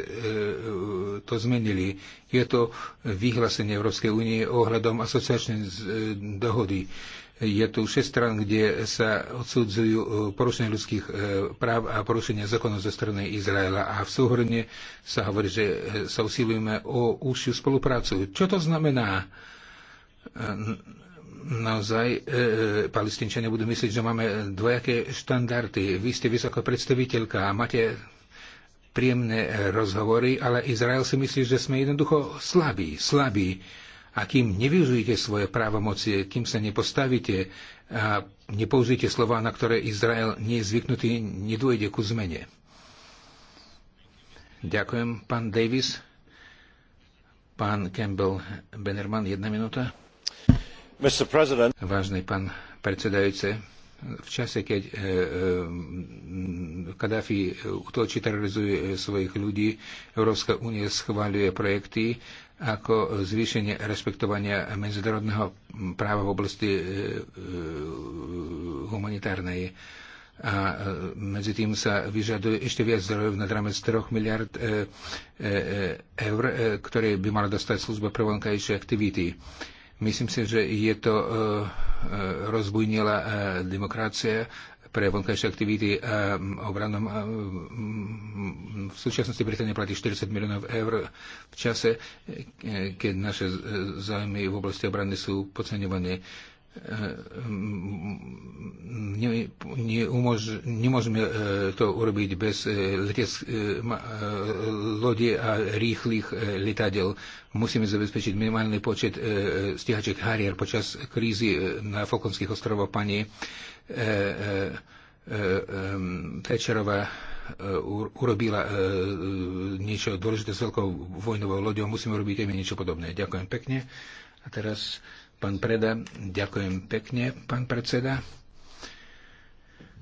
to zmenili. Je to vyhlásenie Európskej únie ohľadom asociačnej e, dohody. Je tu šest stran, kde sa odsudzujú porušenie ľudských práv a porušenie zákonov ze strany Izraela. A v súhrne sa hovorí, že sa usilujeme o užšiu spoluprácu. Čo to znamená? naozaj e, e, palestinčania budú myslieť, že máme dvojaké štandardy. Vy ste vysoká predstaviteľka a máte príjemné rozhovory, ale Izrael si myslí, že sme jednoducho slabí, slabí. A kým nevyužijete svoje právomoci, kým sa nepostavíte a nepoužijete slova, na ktoré Izrael nie je zvyknutý, nedôjde ku zmene. Ďakujem, pán Davis. Pán Campbell Benerman, jedna minúta. Vážny pán predsedajúce, v čase, keď e, e, Kadáfi utočí, terorizuje e, svojich ľudí, Európska únie schváľuje projekty ako zvýšenie respektovania medzinárodného práva v oblasti humanitárnej. A medzi tým sa vyžaduje ešte viac zdrojov na rámec 3 miliard eur, ktoré by mala dostať služba pre vonkajšie aktivity. E, Myslím si, že je to e, e, rozbujnila e, demokracia pre vonkajšie aktivity a obranom. V súčasnosti Británia platí 40 miliónov eur v čase, keď naše zájmy v oblasti obrany sú podceňované ne, neumož, nemôžeme e, to urobiť bez e, e, lode a rýchlych letadel. Musíme zabezpečiť minimálny počet stíhaček Harrier počas krízy na Falkonských ostrovoch. Pani Tečerová urobila niečo dôležité s veľkou vojnovou loďou. Musíme urobiť aj niečo podobné. Ďakujem pekne. A teraz Pán Preda, ďakujem pekne, pán predseda.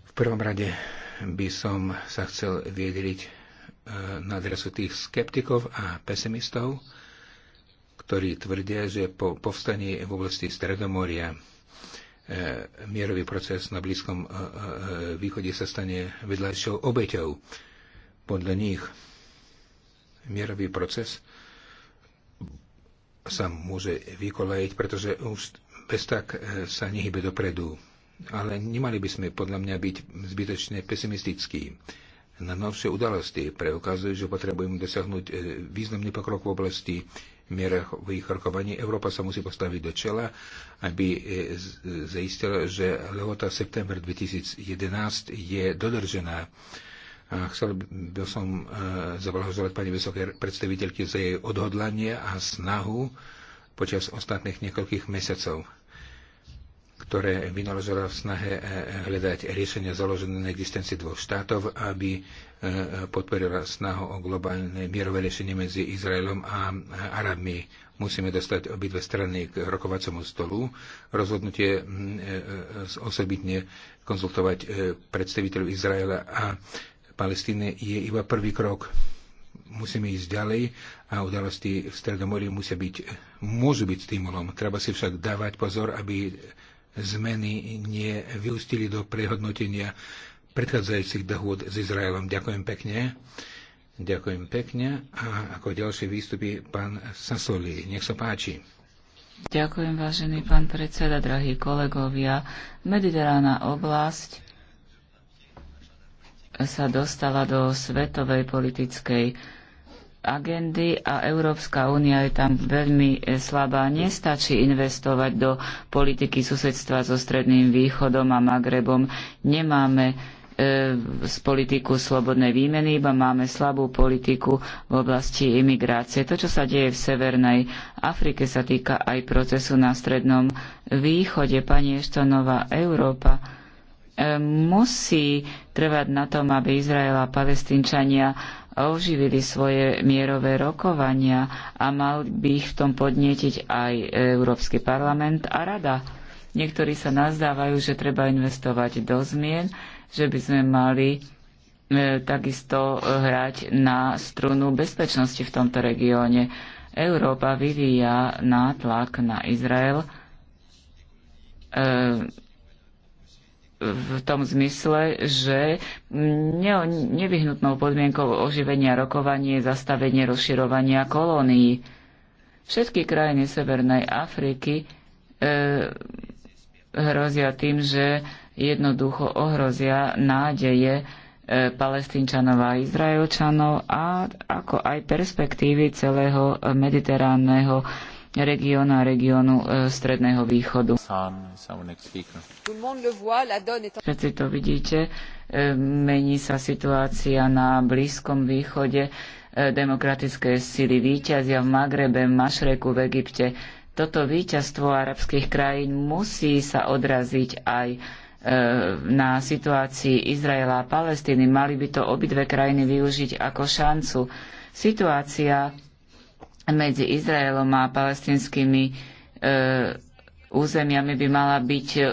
V prvom rade by som sa chcel viedriť e, na adresu tých skeptikov a pesimistov, ktorí tvrdia, že po povstaní v oblasti Stredomoria e, mierový proces na Blízkom e, východe sa stane vedľajšou obeťou. Podľa nich mierový proces sa môže vykolajiť, pretože už bez tak e, sa nehybe dopredu. Ale nemali by sme podľa mňa byť zbytočne pesimistickí. Na novšie udalosti preukazujú, že potrebujeme dosiahnuť e, významný pokrok v oblasti mierových rokovaní. Európa sa musí postaviť do čela, aby e, zaistila, že lehota september 2011 je dodržená a chcel by som e, zablahozovať pani vysokej predstaviteľky za jej odhodlanie a snahu počas ostatných niekoľkých mesiacov, ktoré vynaložila v snahe e, hľadať riešenia založené na existencii dvoch štátov, aby e, podporila snahu o globálne mierové riešenie medzi Izraelom a Arabmi. Musíme dostať obidve strany k rokovacomu stolu. Rozhodnutie osobitne konzultovať predstaviteľov Izraela a Palestíny je iba prvý krok. Musíme ísť ďalej a udalosti v Stredomorí musia byť, môžu byť stimulom. Treba si však dávať pozor, aby zmeny nevyústili do prehodnotenia predchádzajúcich dohôd s Izraelom. Ďakujem pekne. Ďakujem pekne. A ako ďalšie výstupy pán Sasoli. Nech sa páči. Ďakujem, vážený pán predseda, drahí kolegovia. Mediterána oblasť sa dostala do svetovej politickej agendy a Európska únia je tam veľmi e, slabá. Nestačí investovať do politiky susedstva so Stredným východom a Magrebom. Nemáme z e, politiku slobodnej výmeny, iba máme slabú politiku v oblasti imigrácie. To, čo sa deje v Severnej Afrike, sa týka aj procesu na Strednom východe. Pani Eštonová, Európa musí trvať na tom, aby Izrael a palestínčania oživili svoje mierové rokovania a mal by ich v tom podnietiť aj Európsky parlament a Rada. Niektorí sa nazdávajú, že treba investovať do zmien, že by sme mali e, takisto e, hrať na strunu bezpečnosti v tomto regióne. Európa vyvíja nátlak na Izrael. E, v tom zmysle, že ne, nevyhnutnou podmienkou oživenia rokovanie je zastavenie rozširovania kolónií. Všetky krajiny Severnej Afriky e, hrozia tým, že jednoducho ohrozia nádeje e, palestínčanov a izraelčanov a ako aj perspektívy celého mediteránneho regiónu a regiónu e, Stredného východu. Všetci to vidíte, e, mení sa situácia na Blízkom východe, e, demokratické sily víťazia v Magrebe, Mašreku, v Egypte. Toto víťazstvo arabských krajín musí sa odraziť aj na situácii Izraela a Palestíny. Mali by to obidve krajiny využiť ako šancu. Situácia medzi Izraelom a palestinskými e, územiami by mala byť e, e,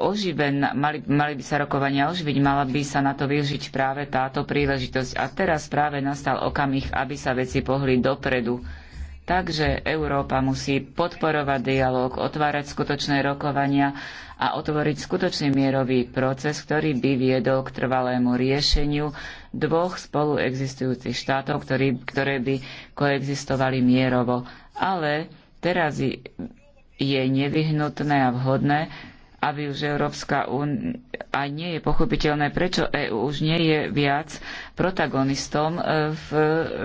oživená, mali, mali by sa rokovania oživiť, mala by sa na to využiť práve táto príležitosť. A teraz práve nastal okamih, aby sa veci pohli dopredu. Takže Európa musí podporovať dialog, otvárať skutočné rokovania a otvoriť skutočný mierový proces, ktorý by viedol k trvalému riešeniu dvoch spoluexistujúcich štátov, ktorý, ktoré by koexistovali mierovo. Ale teraz je nevyhnutné a vhodné, aby už Európska únia a nie je pochopiteľné, prečo EÚ už nie je viac protagonistom e, v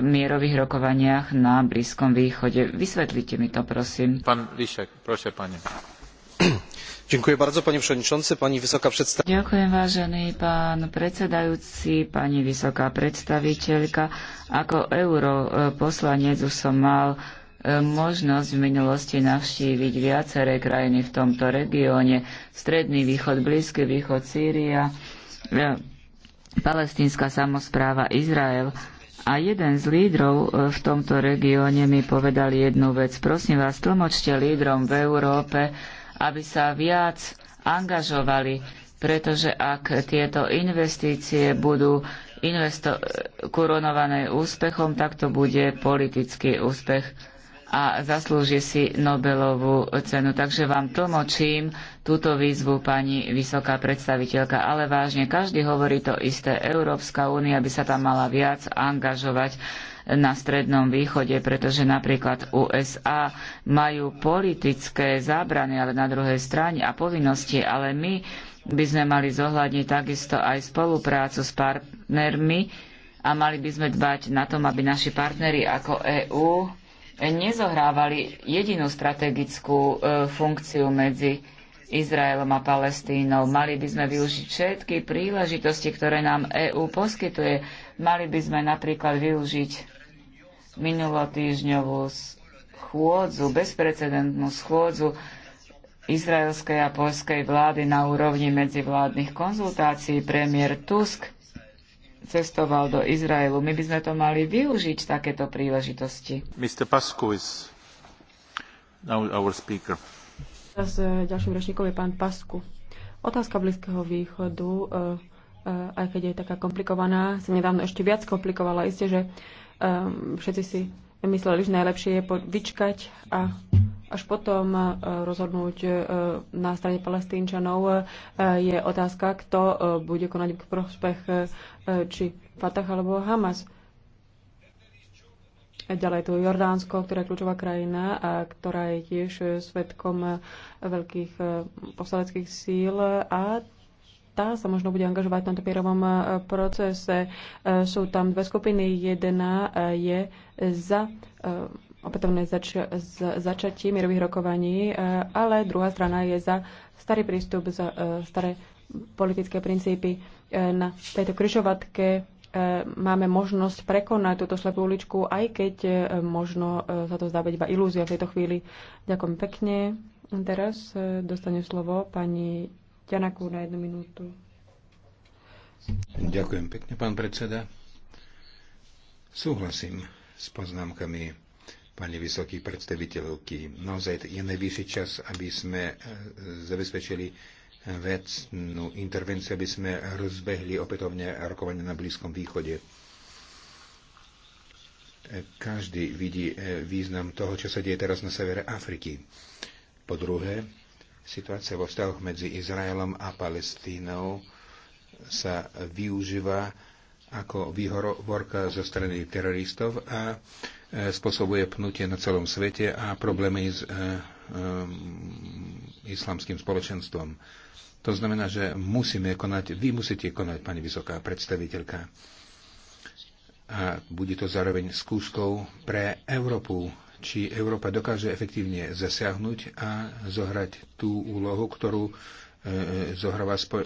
mierových rokovaniach na Blízkom východe. Vysvetlite mi to, prosím. Pán Lišek, prosím, pane. Ďakujem bardzo, przewodniczący, pani wysoka przedstawicielka. Ďakujem, vážený pán predsedajúci, pani vysoká predstaviteľka. Ako europoslanec už som mal možnosť v minulosti navštíviť viaceré krajiny v tomto regióne. Stredný východ, Blízky východ, Sýria, e, palestínska samozpráva, Izrael. A jeden z lídrov e, v tomto regióne mi povedal jednu vec. Prosím vás, tlmočte lídrom v Európe, aby sa viac angažovali, pretože ak tieto investície budú investo- korunované úspechom, tak to bude politický úspech a zaslúži si Nobelovú cenu. Takže vám tlmočím túto výzvu pani vysoká predstaviteľka. Ale vážne, každý hovorí to isté. Európska únia by sa tam mala viac angažovať na Strednom východe, pretože napríklad USA majú politické zábrany, ale na druhej strane a povinnosti, ale my by sme mali zohľadniť takisto aj spoluprácu s partnermi a mali by sme dbať na tom, aby naši partneri ako EÚ nezohrávali jedinú strategickú e, funkciu medzi Izraelom a Palestínou. Mali by sme využiť všetky príležitosti, ktoré nám EÚ poskytuje. Mali by sme napríklad využiť minulotýžňovú schôdzu, bezprecedentnú schôdzu izraelskej a polskej vlády na úrovni medzivládnych konzultácií. Premiér Tusk cestoval do Izraelu. My by sme to mali využiť, takéto príležitosti. Mr. Pascu is now our speaker. Teraz e, ďalším rečníkom je pán Pasku. Otázka Blízkeho východu, e, e, aj keď je taká komplikovaná, sa nedávno ešte viac komplikovala. Isté, že všetci si mysleli, že najlepšie je vyčkať a až potom e, rozhodnúť e, na strane palestínčanov e, je otázka, kto bude konať k prospech či Fatah alebo Hamas. Ďalej tu Jordánsko, ktorá je kľúčová krajina a ktorá je tiež svetkom veľkých posledeckých síl a tá sa možno bude angažovať v tomto procese. Sú tam dve skupiny. Jedna je za opätovné zač- začatie mierových rokovaní, e, ale druhá strana je za starý prístup, za e, staré politické princípy. E, na tejto kryšovatke máme možnosť prekonať túto slepú uličku, aj keď možno sa to zdá byť iba ilúzia v tejto chvíli. Ďakujem pekne. Teraz dostane slovo pani Ťanakú na jednu minútu. Ďakujem pekne, pán predseda. Súhlasím s poznámkami pani vysoký predstaviteľky. Naozaj je najvyšší čas, aby sme e, zabezpečili vecnú intervenciu, aby sme rozbehli opätovne rokovanie na Blízkom východe. E, každý vidí e, význam toho, čo sa deje teraz na severe Afriky. Po druhé, situácia vo vzťahoch medzi Izraelom a Palestínou sa využíva ako výhovorka zo strany teroristov a E, spôsobuje pnutie na celom svete a problémy s e, e, islamským spoločenstvom. To znamená, že musíme konať, vy musíte konať, pani vysoká predstaviteľka. A bude to zároveň skúškou pre Európu, či Európa dokáže efektívne zasiahnuť a zohrať tú úlohu, ktorú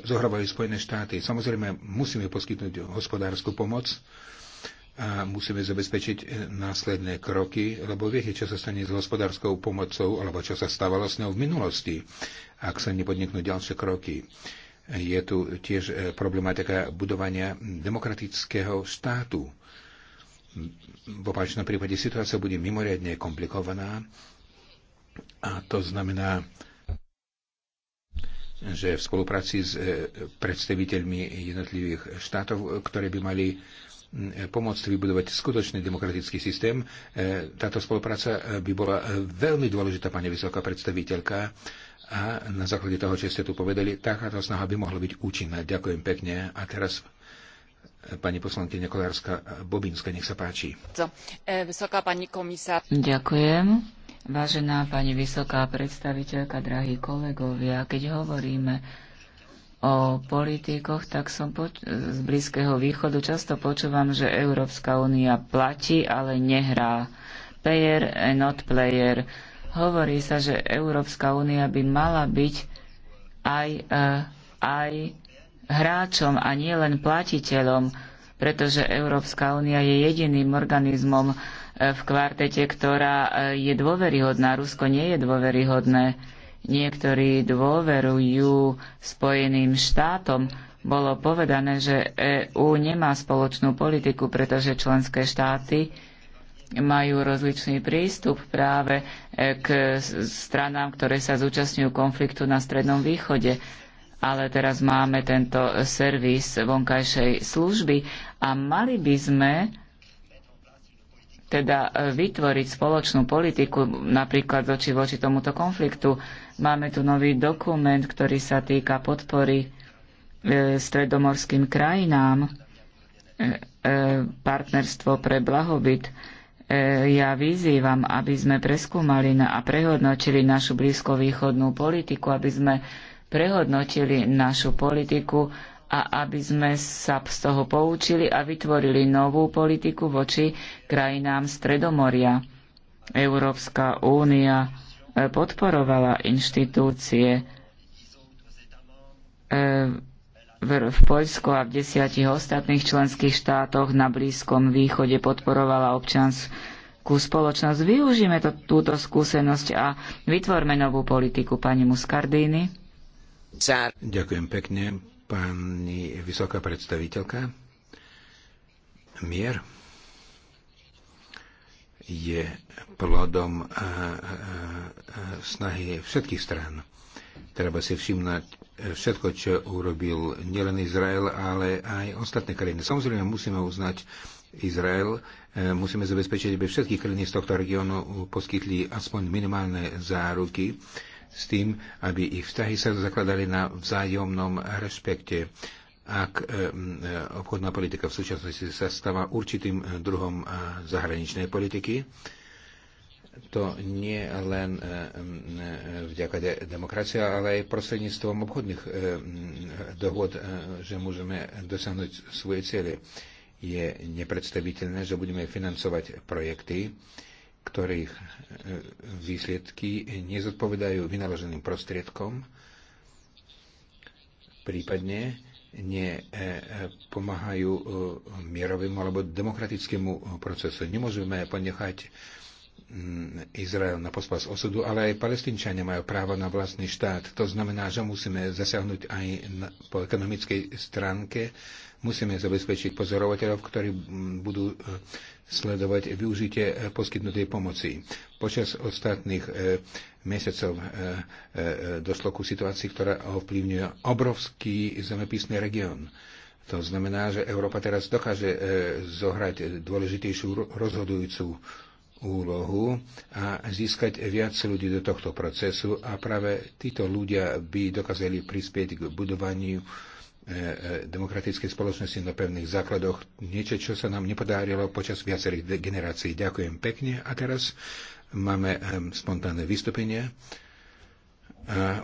zohrávajú Spojené štáty. Samozrejme, musíme poskytnúť hospodárskú pomoc, a musíme zabezpečiť eh, následné kroky, lebo viete, čo sa stane s hospodárskou pomocou, alebo čo sa stávalo s ňou v minulosti, ak sa nepodniknú ďalšie kroky. Je tu tiež eh, problematika budovania demokratického štátu. V opačnom prípade situácia bude mimoriadne komplikovaná a to znamená, že v spolupráci s eh, predstaviteľmi jednotlivých štátov, ktoré by mali pomôcť vybudovať skutočný demokratický systém. E, táto spolupráca e, by bola e, veľmi dôležitá, pani vysoká predstaviteľka. A na základe toho, čo ste tu povedali, takáto snaha by mohla byť účinná. Ďakujem pekne. A teraz pani poslankyňa Kolárska Bobinska, nech sa páči. Vysoká pani komisár. Ďakujem. Vážená pani vysoká predstaviteľka, drahí kolegovia, keď hovoríme o politikoch, tak som poč- z Blízkeho východu často počúvam, že Európska únia platí, ale nehrá. Player and not player. Hovorí sa, že Európska únia by mala byť aj, uh, aj hráčom a nie len platiteľom, pretože Európska únia je jediným organizmom eh, v kvartete, ktorá eh, je dôveryhodná. Rusko nie je dôveryhodné Niektorí dôverujú Spojeným štátom. Bolo povedané, že EÚ nemá spoločnú politiku, pretože členské štáty majú rozličný prístup práve e, k stranám, ktoré sa zúčastňujú konfliktu na Strednom východe. Ale teraz máme tento servis vonkajšej služby a mali by sme teda e, vytvoriť spoločnú politiku napríklad voči, voči tomuto konfliktu. Máme tu nový dokument, ktorý sa týka podpory e, stredomorským krajinám, e, e, partnerstvo pre blahobyt. Ja vyzývam, aby sme preskúmali a prehodnotili našu blízkovýchodnú politiku, aby sme prehodnotili našu politiku a aby sme sa z toho poučili a vytvorili novú politiku voči krajinám Stredomoria. Európska únia podporovala inštitúcie e, v Poľsku a v desiatich ostatných členských štátoch na Blízkom východe podporovala občianskú spoločnosť. Využíme to, túto skúsenosť a vytvorme novú politiku, pani Muscardini. Ďakujem pekne, pani vysoká predstaviteľka. Mier je plodom eh, eh, eh, snahy všetkých strán. Treba si všimnať všetko, čo urobil nielen Izrael, ale aj ostatné krajiny. Samozrejme, musíme uznať Izrael, musíme zabezpečiť, aby všetky krajiny z tohto regiónu poskytli aspoň minimálne záruky s tým, aby ich vzťahy sa zakladali na vzájomnom rešpekte ak e, e, obchodná politika v súčasnosti sa stáva určitým e, druhom zahraničnej politiky, to nie len vďaka demokracii, ale aj prostredníctvom obchodných dohod, že môžeme dosiahnuť svoje cieľe. Je nepredstaviteľné, že budeme financovať projekty, ktorých výsledky nezodpovedajú vynaloženým prostriedkom, prípadne nepomáhajú e, e, e, mierovému alebo demokratickému procesu. Nemôžeme ponechať mm, Izrael na pospas osudu, ale aj palestinčania majú právo na vlastný štát. To znamená, že musíme zasiahnuť aj po ekonomickej stránke, musíme zabezpečiť pozorovateľov, ktorí budú sledovať využitie poskytnutej pomoci. Počas ostatných mesiacov e, e, e, došlo ku situácii, ktorá ovplyvňuje obrovský zemepisný región. To znamená, že Európa teraz dokáže zohrať dôležitejšiu rozhodujúcu úlohu a získať viac ľudí do tohto procesu a práve títo ľudia by dokázali prispieť k budovaniu demokratickej spoločnosti na pevných základoch. Niečo, čo sa nám nepodarilo počas viacerých generácií. Ďakujem pekne. A teraz Máme ehm, spontánne vystúpenie.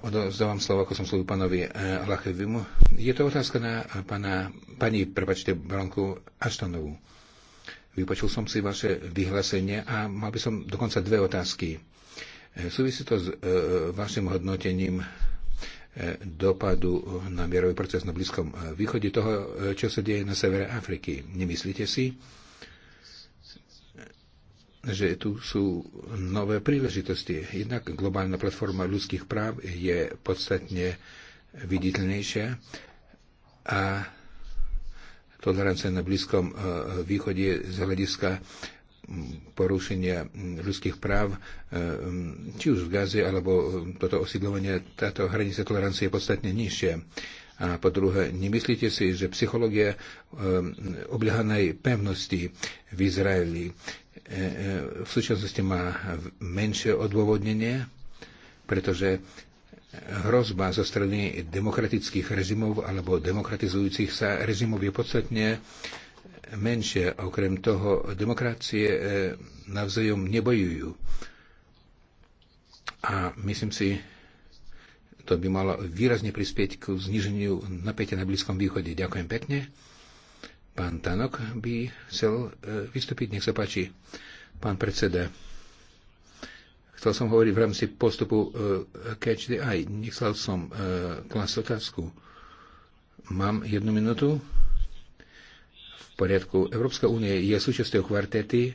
Odovzdávam slovo, ako som slúbil pánovi eh, Lachevimu. Je to otázka na pana, pani, prepačte, Bronku Aštanovú. Vypočul som si vaše vyhlásenie a mal by som dokonca dve otázky. Eh, súvisí to s eh, vašim hodnotením dopadu na mierový proces na Blízkom východe toho, čo sa deje na severe Afriky. Nemyslíte si, že tu sú nové príležitosti. Jednak globálna platforma ľudských práv je podstatne viditeľnejšia a tolerancia na Blízkom e, východe z hľadiska porušenia ľudských práv, e, či už v Gaze, alebo toto osídlovanie, táto hranica tolerancie je podstatne nižšia. A po druhé, nemyslíte si, že psychológia e, obľahanej pevnosti v Izraeli v súčasnosti má menšie odôvodnenie, pretože hrozba zo strany demokratických režimov alebo demokratizujúcich sa režimov je podstatne menšie. Okrem toho, demokracie eh, navzájom nebojujú. A myslím si, to by malo výrazne prispieť k zniženiu napätia na Blízkom východe. Ďakujem pekne. Pán Tanok by chcel e, vystúpiť, nech sa páči. Pán predseda, chcel som hovoriť v rámci postupu e, Catch the Eye. Nechcel som e, klasť otázku. Mám jednu minútu? V poriadku. Európska únie je súčasťou kvartety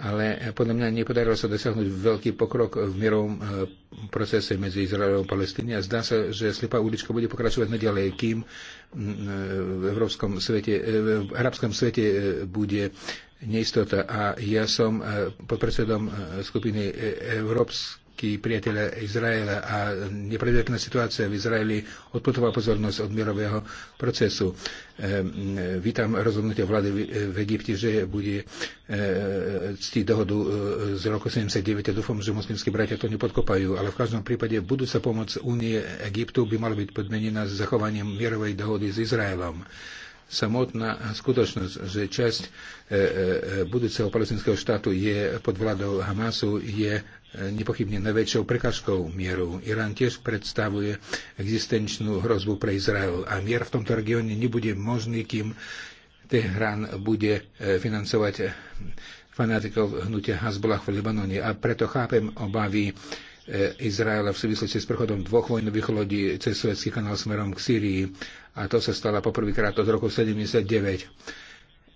ale eh, podľa mňa nepodarilo sa dosiahnuť veľký pokrok v mierovom eh, procese medzi Izraelom a Palestíny a zdá sa, že slepá ulička bude pokračovať naďalej, kým mm, eh, v európskom svete, v arabskom svete bude neistota. A ja som podpredsedom skupiny Európsk veľkí priatelia Izraela a nepredvedená situácia v Izraeli odputová pozornosť od mierového procesu. Ehm, ehm, vítam rozhodnutie vlády v Egypte, že bude ehm, ctiť dohodu e, z roku 79 a dúfam, že moslimskí bratia to nepodkopajú, ale v každom prípade budúca pomoc Únie Egyptu by mala byť podmenená s zachovaním mierovej dohody s Izraelom samotná skutočnosť, že časť e, e, budúceho palestinského štátu je pod vládou Hamasu, je nepochybne najväčšou prekažkou mieru. Irán tiež predstavuje existenčnú hrozbu pre Izrael a mier v tomto regióne nebude možný, kým Tehran bude e, financovať fanatikov hnutia Hezbollah v Libanone a preto chápem obavy e, Izraela v súvislosti s prechodom dvoch vojnových lodí cez Svetský kanál smerom k Sýrii a to sa stalo poprvýkrát od roku 79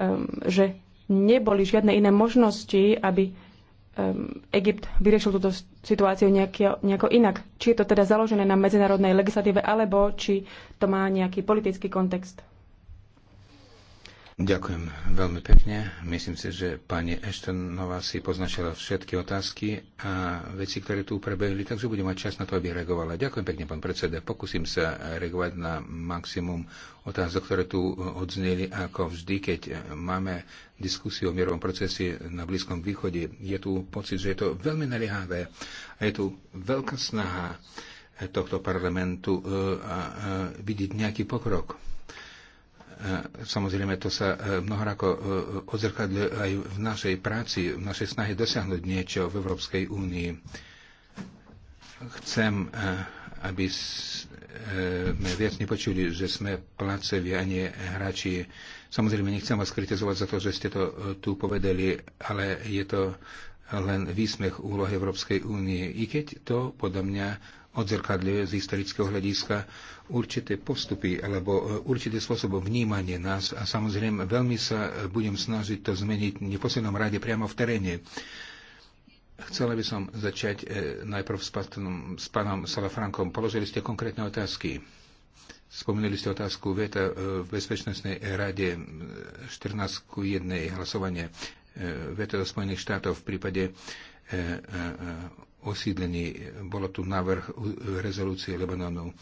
Um, že neboli žiadne iné možnosti, aby um, Egypt vyriešil túto situáciu nejako, nejako inak. Či je to teda založené na medzinárodnej legislatíve, alebo či to má nejaký politický kontext. Ďakujem veľmi pekne. Myslím si, že pani Eštenová si poznačila všetky otázky a veci, ktoré tu prebehli, takže budem mať čas na to, aby reagovala. Ďakujem pekne, pán predseda. Pokúsim sa reagovať na maximum otázok, ktoré tu odzneli, ako vždy, keď máme diskusiu o mierovom procese na Blízkom východe. Je tu pocit, že je to veľmi naliehavé a je tu veľká snaha tohto parlamentu e, a, a, e, vidieť nejaký pokrok Samozrejme, to sa e, mnohorako e, odzrkadľuje aj v našej práci, v našej snahe dosiahnuť niečo v Európskej únii. Chcem, e, aby sme viac nepočuli, že sme placevi a nie hráči. Samozrejme, nechcem vás kritizovať za to, že ste to tu povedali, ale je to len výsmech úlohy Európskej únie, i keď to podľa mňa odzrkadľuje z historického hľadiska určité postupy alebo e, určité spôsoby vnímania nás a samozrejme veľmi sa e, budem snažiť to zmeniť v neposlednom rade priamo v teréne. Chcela by som začať e, najprv s, pánom, s pánom Salafrankom. Položili ste konkrétne otázky. Spomínali ste otázku veta v Bezpečnostnej rade 14 k 1 hlasovanie veta do Spojených štátov v prípade osídlení. Bolo tu návrh rezolúcie Lebanonu,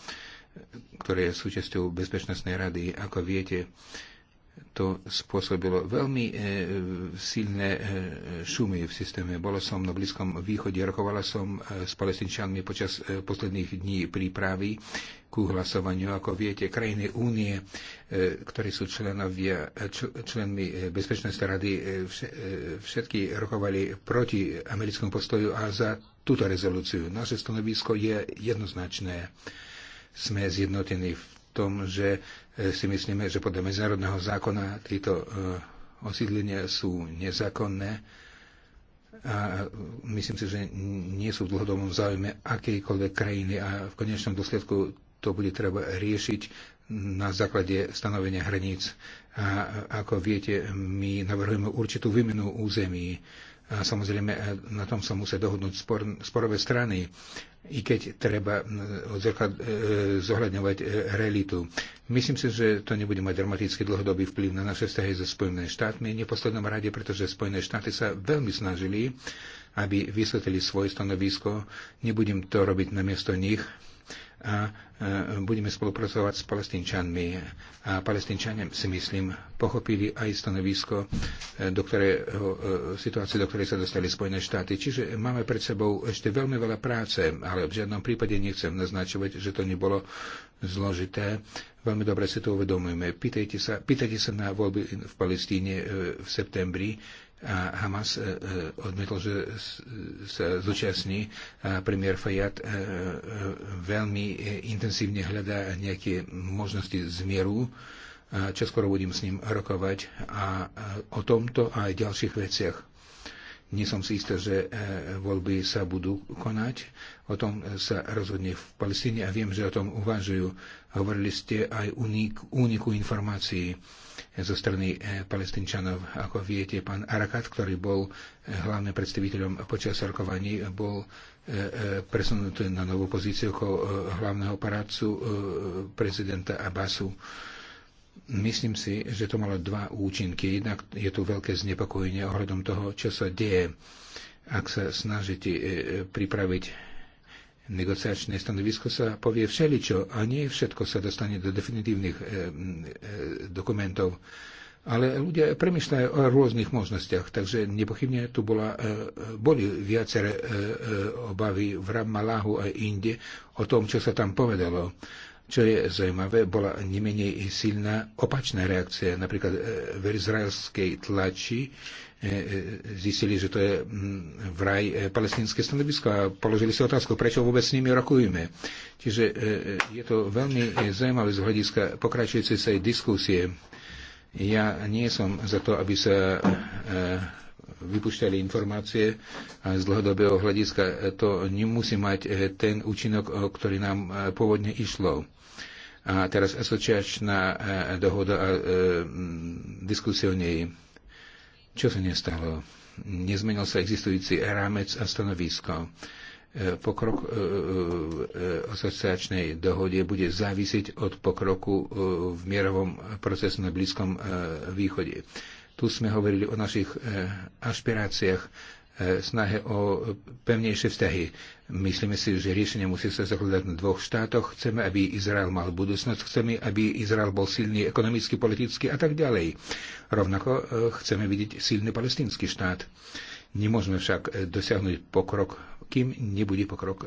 ktoré je súčasťou Bezpečnostnej rady. Ako viete, to spôsobilo veľmi e, silné e, šumy v systéme. Bolo som na Blízkom východe, rokovala som e, s palestinčanmi počas e, posledných dní prípravy ku hlasovaniu. Ako viete, krajiny únie, e, ktorí sú členovia, e, čl, členmi e, Bezpečnostnej rady, e, všetky rokovali proti americkému postoju a za túto rezolúciu. Naše stanovisko je jednoznačné. Sme zjednotení v tom, že e, si myslíme, že podľa medzinárodného zákona tieto e, osídlenia sú nezákonné a myslím si, že nie sú v dlhodobom záujme akejkoľvek krajiny a v konečnom dôsledku to bude treba riešiť na základe stanovenia hraníc. A ako viete, my navrhujeme určitú výmenu území a samozrejme, e, na tom sa musia dohodnúť spor, sporové strany, i keď treba e, zohľadňovať e, realitu. Myslím si, že to nebude mať dramatický dlhodobý vplyv na naše vzťahy so Spojenými štátmi, v neposlednom rade, pretože Spojené štáty sa veľmi snažili, aby vysvetlili svoje stanovisko. Nebudem to robiť na miesto nich a e, budeme spolupracovať s palestínčanmi. A Palestinčania si myslím pochopili aj stanovisko e, do ktorého, e, situácie, do ktorej sa dostali Spojené štáty. Čiže máme pred sebou ešte veľmi veľa práce, ale v žiadnom prípade nechcem naznačovať, že to nebolo zložité. Veľmi dobre si to uvedomujeme. Pýtajte sa, pýtajte sa na voľby v Palestíne v septembri a Hamas e, e, odmietol, že sa zúčastní. A premiér Fayad e, veľmi intenzívne hľadá nejaké možnosti zmieru. Čoskoro budem s ním rokovať a o tomto a aj ďalších veciach. Nie som si istý, že voľby sa budú konať. O tom sa rozhodne v Palestíne a viem, že o tom uvažujú. Hovorili ste aj unik, uniku informácií zo strany e, palestinčanov. Ako viete, pán Arakat, ktorý bol e, hlavným predstaviteľom počas rokovaní, bol e, presunutý na novú pozíciu ako hlavného parádcu prezidenta Abbasu. Myslím si, že to malo dva účinky. Jednak je tu veľké znepokojenie ohľadom toho, čo sa deje, ak sa snažíte pripraviť negociačné stanovisko sa povie všeličo a nie všetko sa dostane do definitívnych e, e, dokumentov. Ale ľudia premyšľajú o rôznych možnostiach, takže nepochybne tu bola, e, boli viaceré e, e, obavy v Rammalahu a inde o tom, čo sa tam povedalo. Čo je zaujímavé, bola nemenej silná opačná reakcia. Napríklad v izraelskej tlači E, e, zistili, že to je mm, vraj e, palestinské stanovisko a položili si otázku, prečo vôbec s nimi rokujeme. Čiže je to veľmi zaujímavé z hľadiska pokračujúcej sa diskusie. Ja nie som za to, aby sa vypúšťali informácie a z dlhodobého hľadiska to nemusí mať ten účinok, ktorý nám pôvodne išlo. A teraz asociačná dohoda a diskusia o nej čo sa nestalo? Nezmenil sa existujúci rámec a stanovisko. E, pokrok e, e, asociačnej dohode bude závisiť od pokroku v mierovom procesu na Blízkom východe. Tu sme hovorili o našich ašpiráciách, snahe o pevnejšie vzťahy. Myslíme si, že riešenie musí sa zakladať na dvoch štátoch. Chceme, aby Izrael mal budúcnosť, chceme, aby Izrael bol silný ekonomicky, politicky a tak ďalej. Rovnako e, chceme vidieť silný palestínsky štát. Nemôžeme však e, dosiahnuť pokrok, kým nebude pokrok e,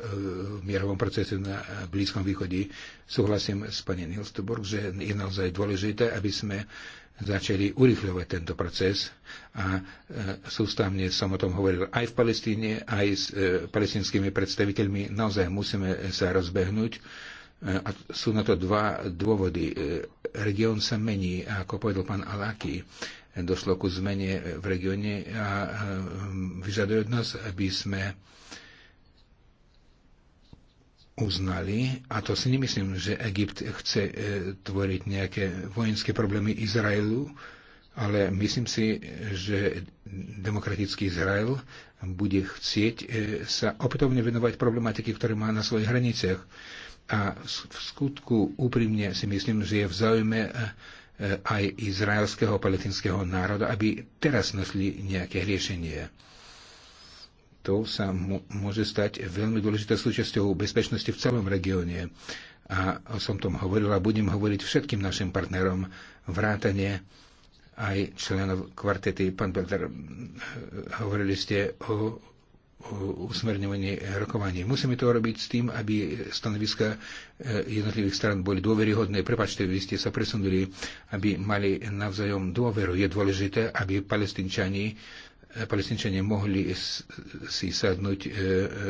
v mierovom procese na Blízkom východe. Súhlasím s pani Nilsteborg, že je naozaj dôležité, aby sme začali urychľovať tento proces a e, sústavne som o tom hovoril aj v Palestíne, aj s e, palestinskými predstaviteľmi. Naozaj musíme sa rozbehnúť. E, a sú na to dva dôvody. Región sa mení, ako povedal pán Alaki. Došlo ku zmene v regióne a vyžaduje od nás, aby sme uznali, a to si nemyslím, že Egypt chce e, tvoriť nejaké vojenské problémy Izraelu, ale myslím si, že demokratický Izrael bude chcieť e, sa opätovne venovať problematiky, ktoré má na svojich hraniciach. A v skutku úprimne si myslím, že je v záujme e, e, aj izraelského palestinského národa, aby teraz nosili nejaké riešenie to sa môže stať veľmi dôležitou súčasťou bezpečnosti v celom regióne. A som tom hovoril a budem hovoriť všetkým našim partnerom vrátane aj členov kvartety. Pán Belder, eh, hovorili ste o, usmerňovanie usmerňovaní rokovanie. Musíme to robiť s tým, aby stanoviska eh, jednotlivých stran boli dôveryhodné. Prepačte, vy ste sa presunuli, aby mali navzájom dôveru. Je dôležité, aby palestinčani palestinčania mohli si sadnúť e,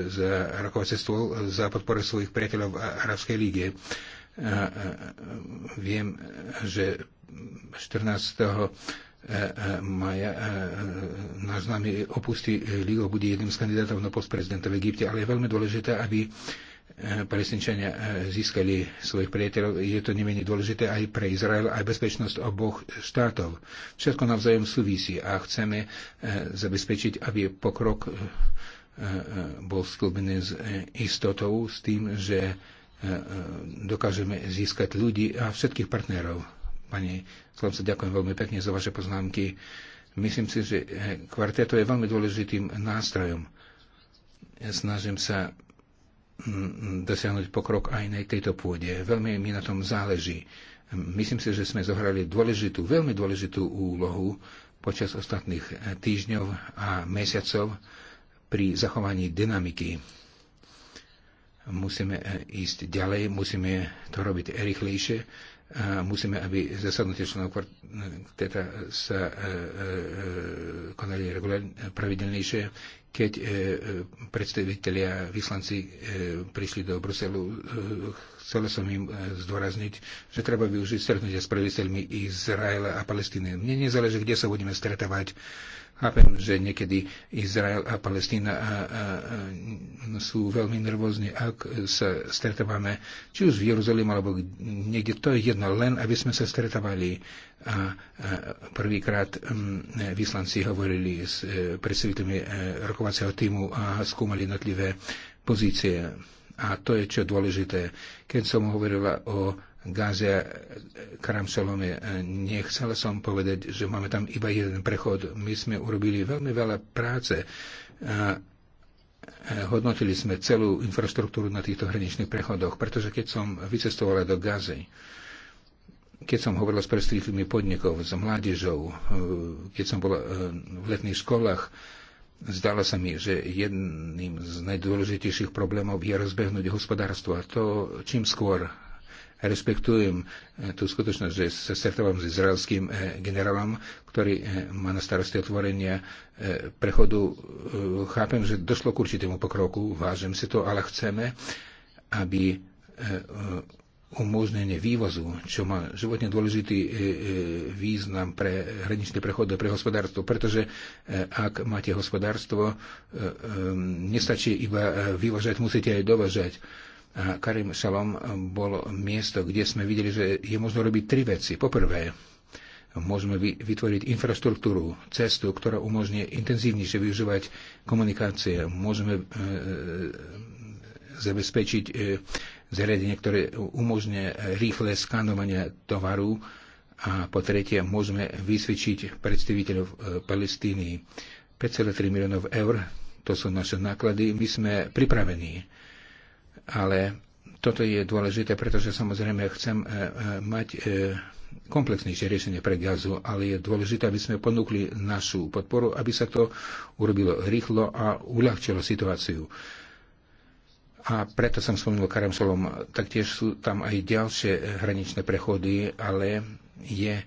za rokovací stôl za podporu svojich priateľov Arabskej líge. viem, že 14. E, maja e, náš známy opustí Ligo, bude jedným z kandidátov na post prezidenta v Egypte, ale je veľmi dôležité, aby presvedčenia eh, získali svojich priateľov. Je to nemenej dôležité aj pre Izrael, aj bezpečnosť oboch štátov. Všetko navzájom súvisí a chceme eh, zabezpečiť, aby pokrok eh, bol sklbený s istotou, s tým, že dokážeme získať ľudí a všetkých partnerov. Pani Slavce, ďakujem veľmi pekne za vaše poznámky. Myslím si, že kvarteto je veľmi dôležitým nástrojom. Snažím sa dosiahnuť pokrok aj na tejto pôde. Veľmi mi na tom záleží. Myslím si, že sme zohrali dôležitú, veľmi dôležitú úlohu počas ostatných e, týždňov a mesiacov pri zachovaní dynamiky. Musíme e, ísť ďalej, musíme to robiť rýchlejšie e, musíme, aby zasadnutie členov kvarteta sa konali e, konali pravidelnejšie keď e, e, predstavitelia vyslanci e, prišli do Bruselu, chcel som im zdôrazniť, že treba využiť stretnutie s predstaviteľmi Izraela a Palestíny. Mne nezáleží, kde sa budeme stretávať, Chápem, že niekedy Izrael a Palestína sú veľmi nervózni, ak sa stretávame, či už v Jeruzalém alebo niekde, to je jedno, len aby sme sa stretávali. A prvýkrát vyslanci hovorili s e, predstaviteľmi e, rokovacieho týmu a skúmali jednotlivé pozície. A to je čo dôležité. Keď som hovorila o Gaze eh, Kramselome. Eh, nechcel som povedať, že máme tam iba jeden prechod. My sme urobili veľmi veľa práce. Eh, hodnotili sme celú infraštruktúru na týchto hraničných prechodoch, pretože keď som vycestovala do Gazy, keď som hovoril s predstaviteľmi podnikov, s mládežou, keď som bol v letných školách, zdalo sa mi, že jedným z najdôležitejších problémov je rozbehnúť hospodárstvo a to čím skôr Respektujem eh, tú skutočnosť, že sa stretávam s izraelským eh, generálom, ktorý eh, má na starosti otvorenia prechodu. Chápem, že došlo k určitému pokroku, vážim si to, ale chceme, aby umožnenie vývozu, čo má životne dôležitý význam pre hraničný prechod pre hospodárstvo, pretože ak máte hospodárstvo, nestačí iba vyvažať, musíte aj dovažať. Karim Salom bolo miesto, kde sme videli, že je možno robiť tri veci. Poprvé, môžeme vytvoriť infraštruktúru, cestu, ktorá umožní intenzívnejšie využívať komunikácie. Môžeme e, e zabezpečiť e, zariadenie, ktoré umožňuje rýchle skanovanie tovaru. A po tretie, môžeme vysvedčiť predstaviteľov e, Palestíny. 5,3 miliónov eur, to sú naše náklady, my sme pripravení ale toto je dôležité, pretože samozrejme chcem e, e, mať e, komplexnejšie riešenie pre gazu, ale je dôležité, aby sme ponúkli našu podporu, aby sa to urobilo rýchlo a uľahčilo situáciu. A preto som spomenul Solom, taktiež sú tam aj ďalšie hraničné prechody, ale je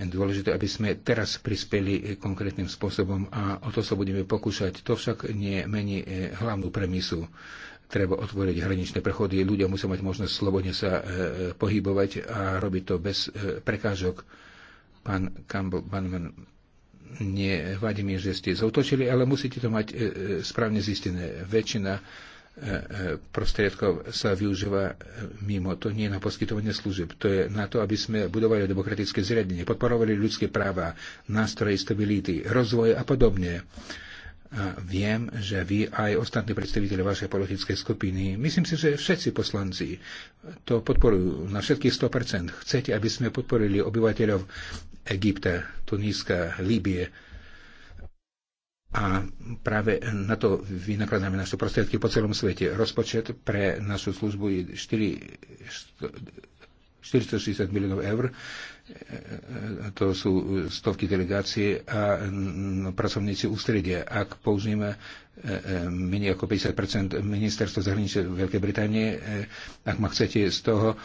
dôležité, aby sme teraz prispeli konkrétnym spôsobom a o to sa budeme pokúšať. To však nie mení hlavnú premisu. Treba otvoriť hraničné prechody, ľudia musia mať možnosť slobodne sa e, e, pohybovať a robiť to bez e, prekážok. Pán Campbell, nie nevadí mi, že ste zautočili, ale musíte to mať správne zistené. Väčšina prostriedkov sa využíva mimo. To nie je na poskytovanie služieb. To je na to, aby sme budovali demokratické zriadenie, podporovali ľudské práva, nástroje stability, rozvoje a podobne. A viem, že vy aj ostatní predstaviteľi vašej politickej skupiny, myslím si, že všetci poslanci to podporujú na všetkých 100%. Chcete, aby sme podporili obyvateľov Egypta, Tuníska, Líbie. A práve na to vynakladáme naše prostriedky po celom svete. Rozpočet pre našu službu je 4, 460 miliónov eur. E, e, e, to sú stovky delegácií a mm, no, pracovníci ústredia. Ak použijeme menej ako 50 ministerstva zahraničia Veľkej Británie, ak ma chcete z toho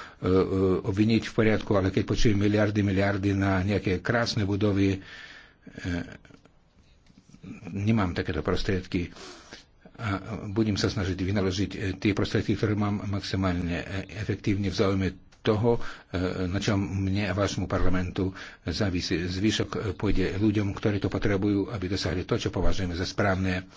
obviniť v poriadku, ale keď počujem miliardy, miliardy na nejaké krásne budovy, nemám takéto prostriedky a budem sa snažiť vynaložiť tie prostriedky, ktoré mám maximálne efektívne v záujme toho, e, na čom mne a vášmu parlamentu závisí. Zvyšok e, pôjde ľuďom, ktorí to potrebujú, aby dosahli to, čo považujeme za správne.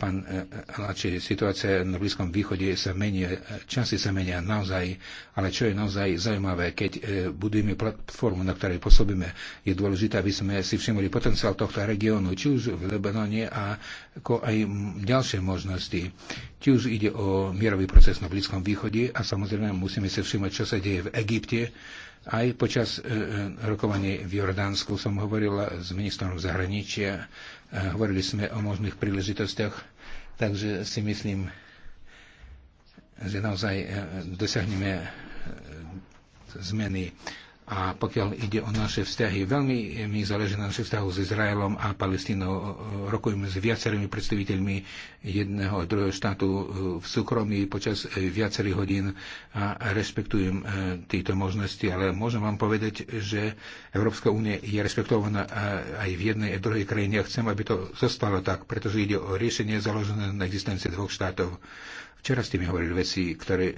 Pán e, e, Lači, situácia na Blízkom východe sa mení, e, časy sa menia naozaj, ale čo je naozaj zaujímavé, keď budujeme platformu, na ktorej pôsobíme, je dôležité, aby sme si všimli potenciál tohto regiónu, či už v Lebanone, a ako aj ďalšie možnosti. Či už ide o mierový proces na Blízkom východe a samozrejme musíme si všimať, čo sa deje v Egypte, aj počas e, rokovaní v Jordánsku som hovorila s ministrom zahraničia Eh, hovorili sme o možných príležitostiach, takže si myslím, že naozaj eh, dosiahneme eh, zmeny a pokiaľ ide o naše vzťahy, veľmi mi záleží na našich vzťahoch s Izraelom a Palestínou. Rokujeme s viacerými predstaviteľmi jedného a druhého štátu e, v súkromí počas e, viacerých hodín a rešpektujem e, tieto možnosti, ale môžem vám povedať, že Európska únia je respektovaná aj v jednej a druhej krajine a chcem, aby to zostalo tak, pretože ide o riešenie založené na existencii dvoch štátov. Včera ste mi hovorili veci, ktoré e,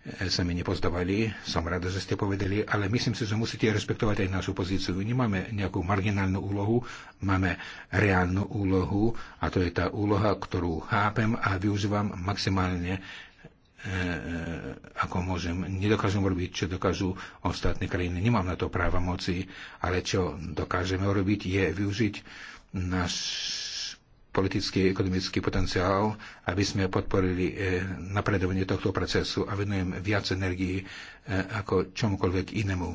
e sa mi nepozdávali. Som rada, že ste povedali, ale myslím si, že musíte respektovať aj našu pozíciu. Nemáme nejakú marginálnu úlohu, máme reálnu úlohu a to je tá úloha, ktorú chápem a využívam maximálne e, e, ako môžem. Nedokážem robiť, čo dokážu ostatné krajiny. Nemám na to práva moci, ale čo dokážeme robiť, je využiť náš politický a ekonomický potenciál, aby sme podporili eh, napredovanie tohto procesu a venujem viac energii eh, ako čomukoľvek inému.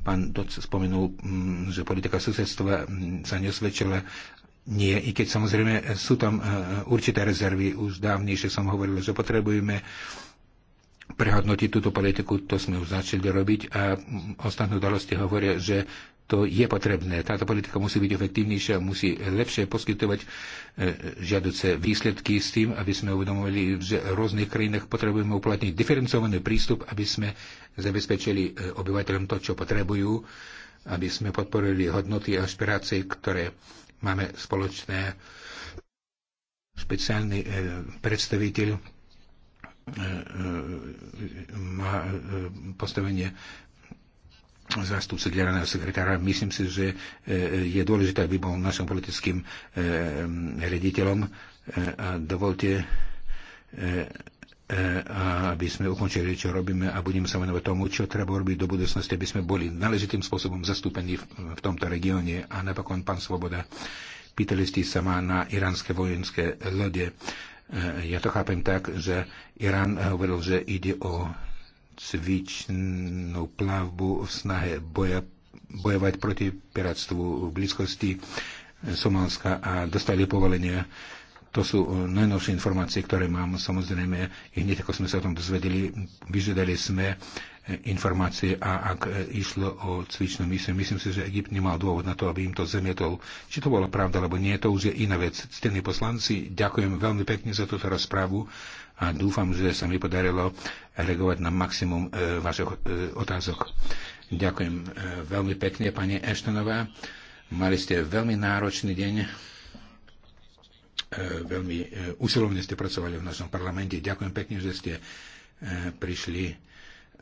Pán Doc spomenul, mm, že politika susedstva mm, sa nesvedčila nie, i keď samozrejme sú tam eh, určité rezervy. Už dávnejšie som hovoril, že potrebujeme prehodnotiť túto politiku, to sme už začali robiť a ostatné udalosti hovoria, že to je potrebné. Táto politika musí byť efektívnejšia, musí lepšie poskytovať e, žiaduce výsledky s tým, aby sme uvedomovali, že v rôznych krajinách potrebujeme uplatniť diferencovaný prístup, aby sme zabezpečili e, obyvateľom to, čo potrebujú, aby sme podporili hodnoty a aspirácie, ktoré máme spoločné. Špeciálny e, predstaviteľ E, e, má e, postavenie zástupce generálneho sekretára. Myslím si, že je dôležité, aby bol našim politickým rediteľom. A dovolte, aby sme ukončili, čo robíme a budeme sa venovať tomu, čo treba robiť do budúcnosti, aby sme boli náležitým spôsobom zastúpení v tomto regióne. A napokon, pán Svoboda, pýtali ste sa ma na iránske vojenské lode. Eh, ja to chápem tak, že Irán hovoril, eh, že ide o cvičnú plavbu v snahe boja, bojovať proti piratstvu v blízkosti eh, Somálska a dostali povolenie. To sú najnovšie informácie, ktoré mám. Samozrejme, hneď ako sme sa o tom dozvedeli, vyžiadali sme informácie a ak e, išlo o cvičnú misiu. Myslím si, že Egypt nemal dôvod na to, aby im to zemietol. Či to bola pravda, alebo nie, to už je iná vec. Ctení poslanci, ďakujem veľmi pekne za túto rozprávu a dúfam, že sa mi podarilo reagovať na maximum e, vašich e, otázok. Ďakujem e, veľmi pekne, pani Eštenová. Mali ste veľmi náročný deň. E, veľmi e, usilovne ste pracovali v našom parlamente. Ďakujem pekne, že ste prišli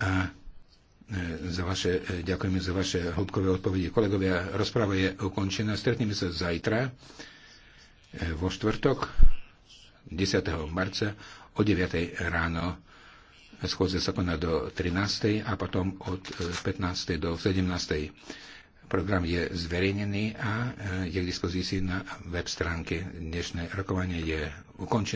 a e, za vaše, e, ďakujeme za vaše hĺbkové odpovede. Kolegovia, rozpráva je ukončená. Stretneme sa zajtra e, vo štvrtok 10. marca o 9. ráno. Schôdze sa koná do 13. a potom od 15. do 17. Program je zverejnený a je k dispozícii na web stránke. Dnešné rokovanie je ukončené.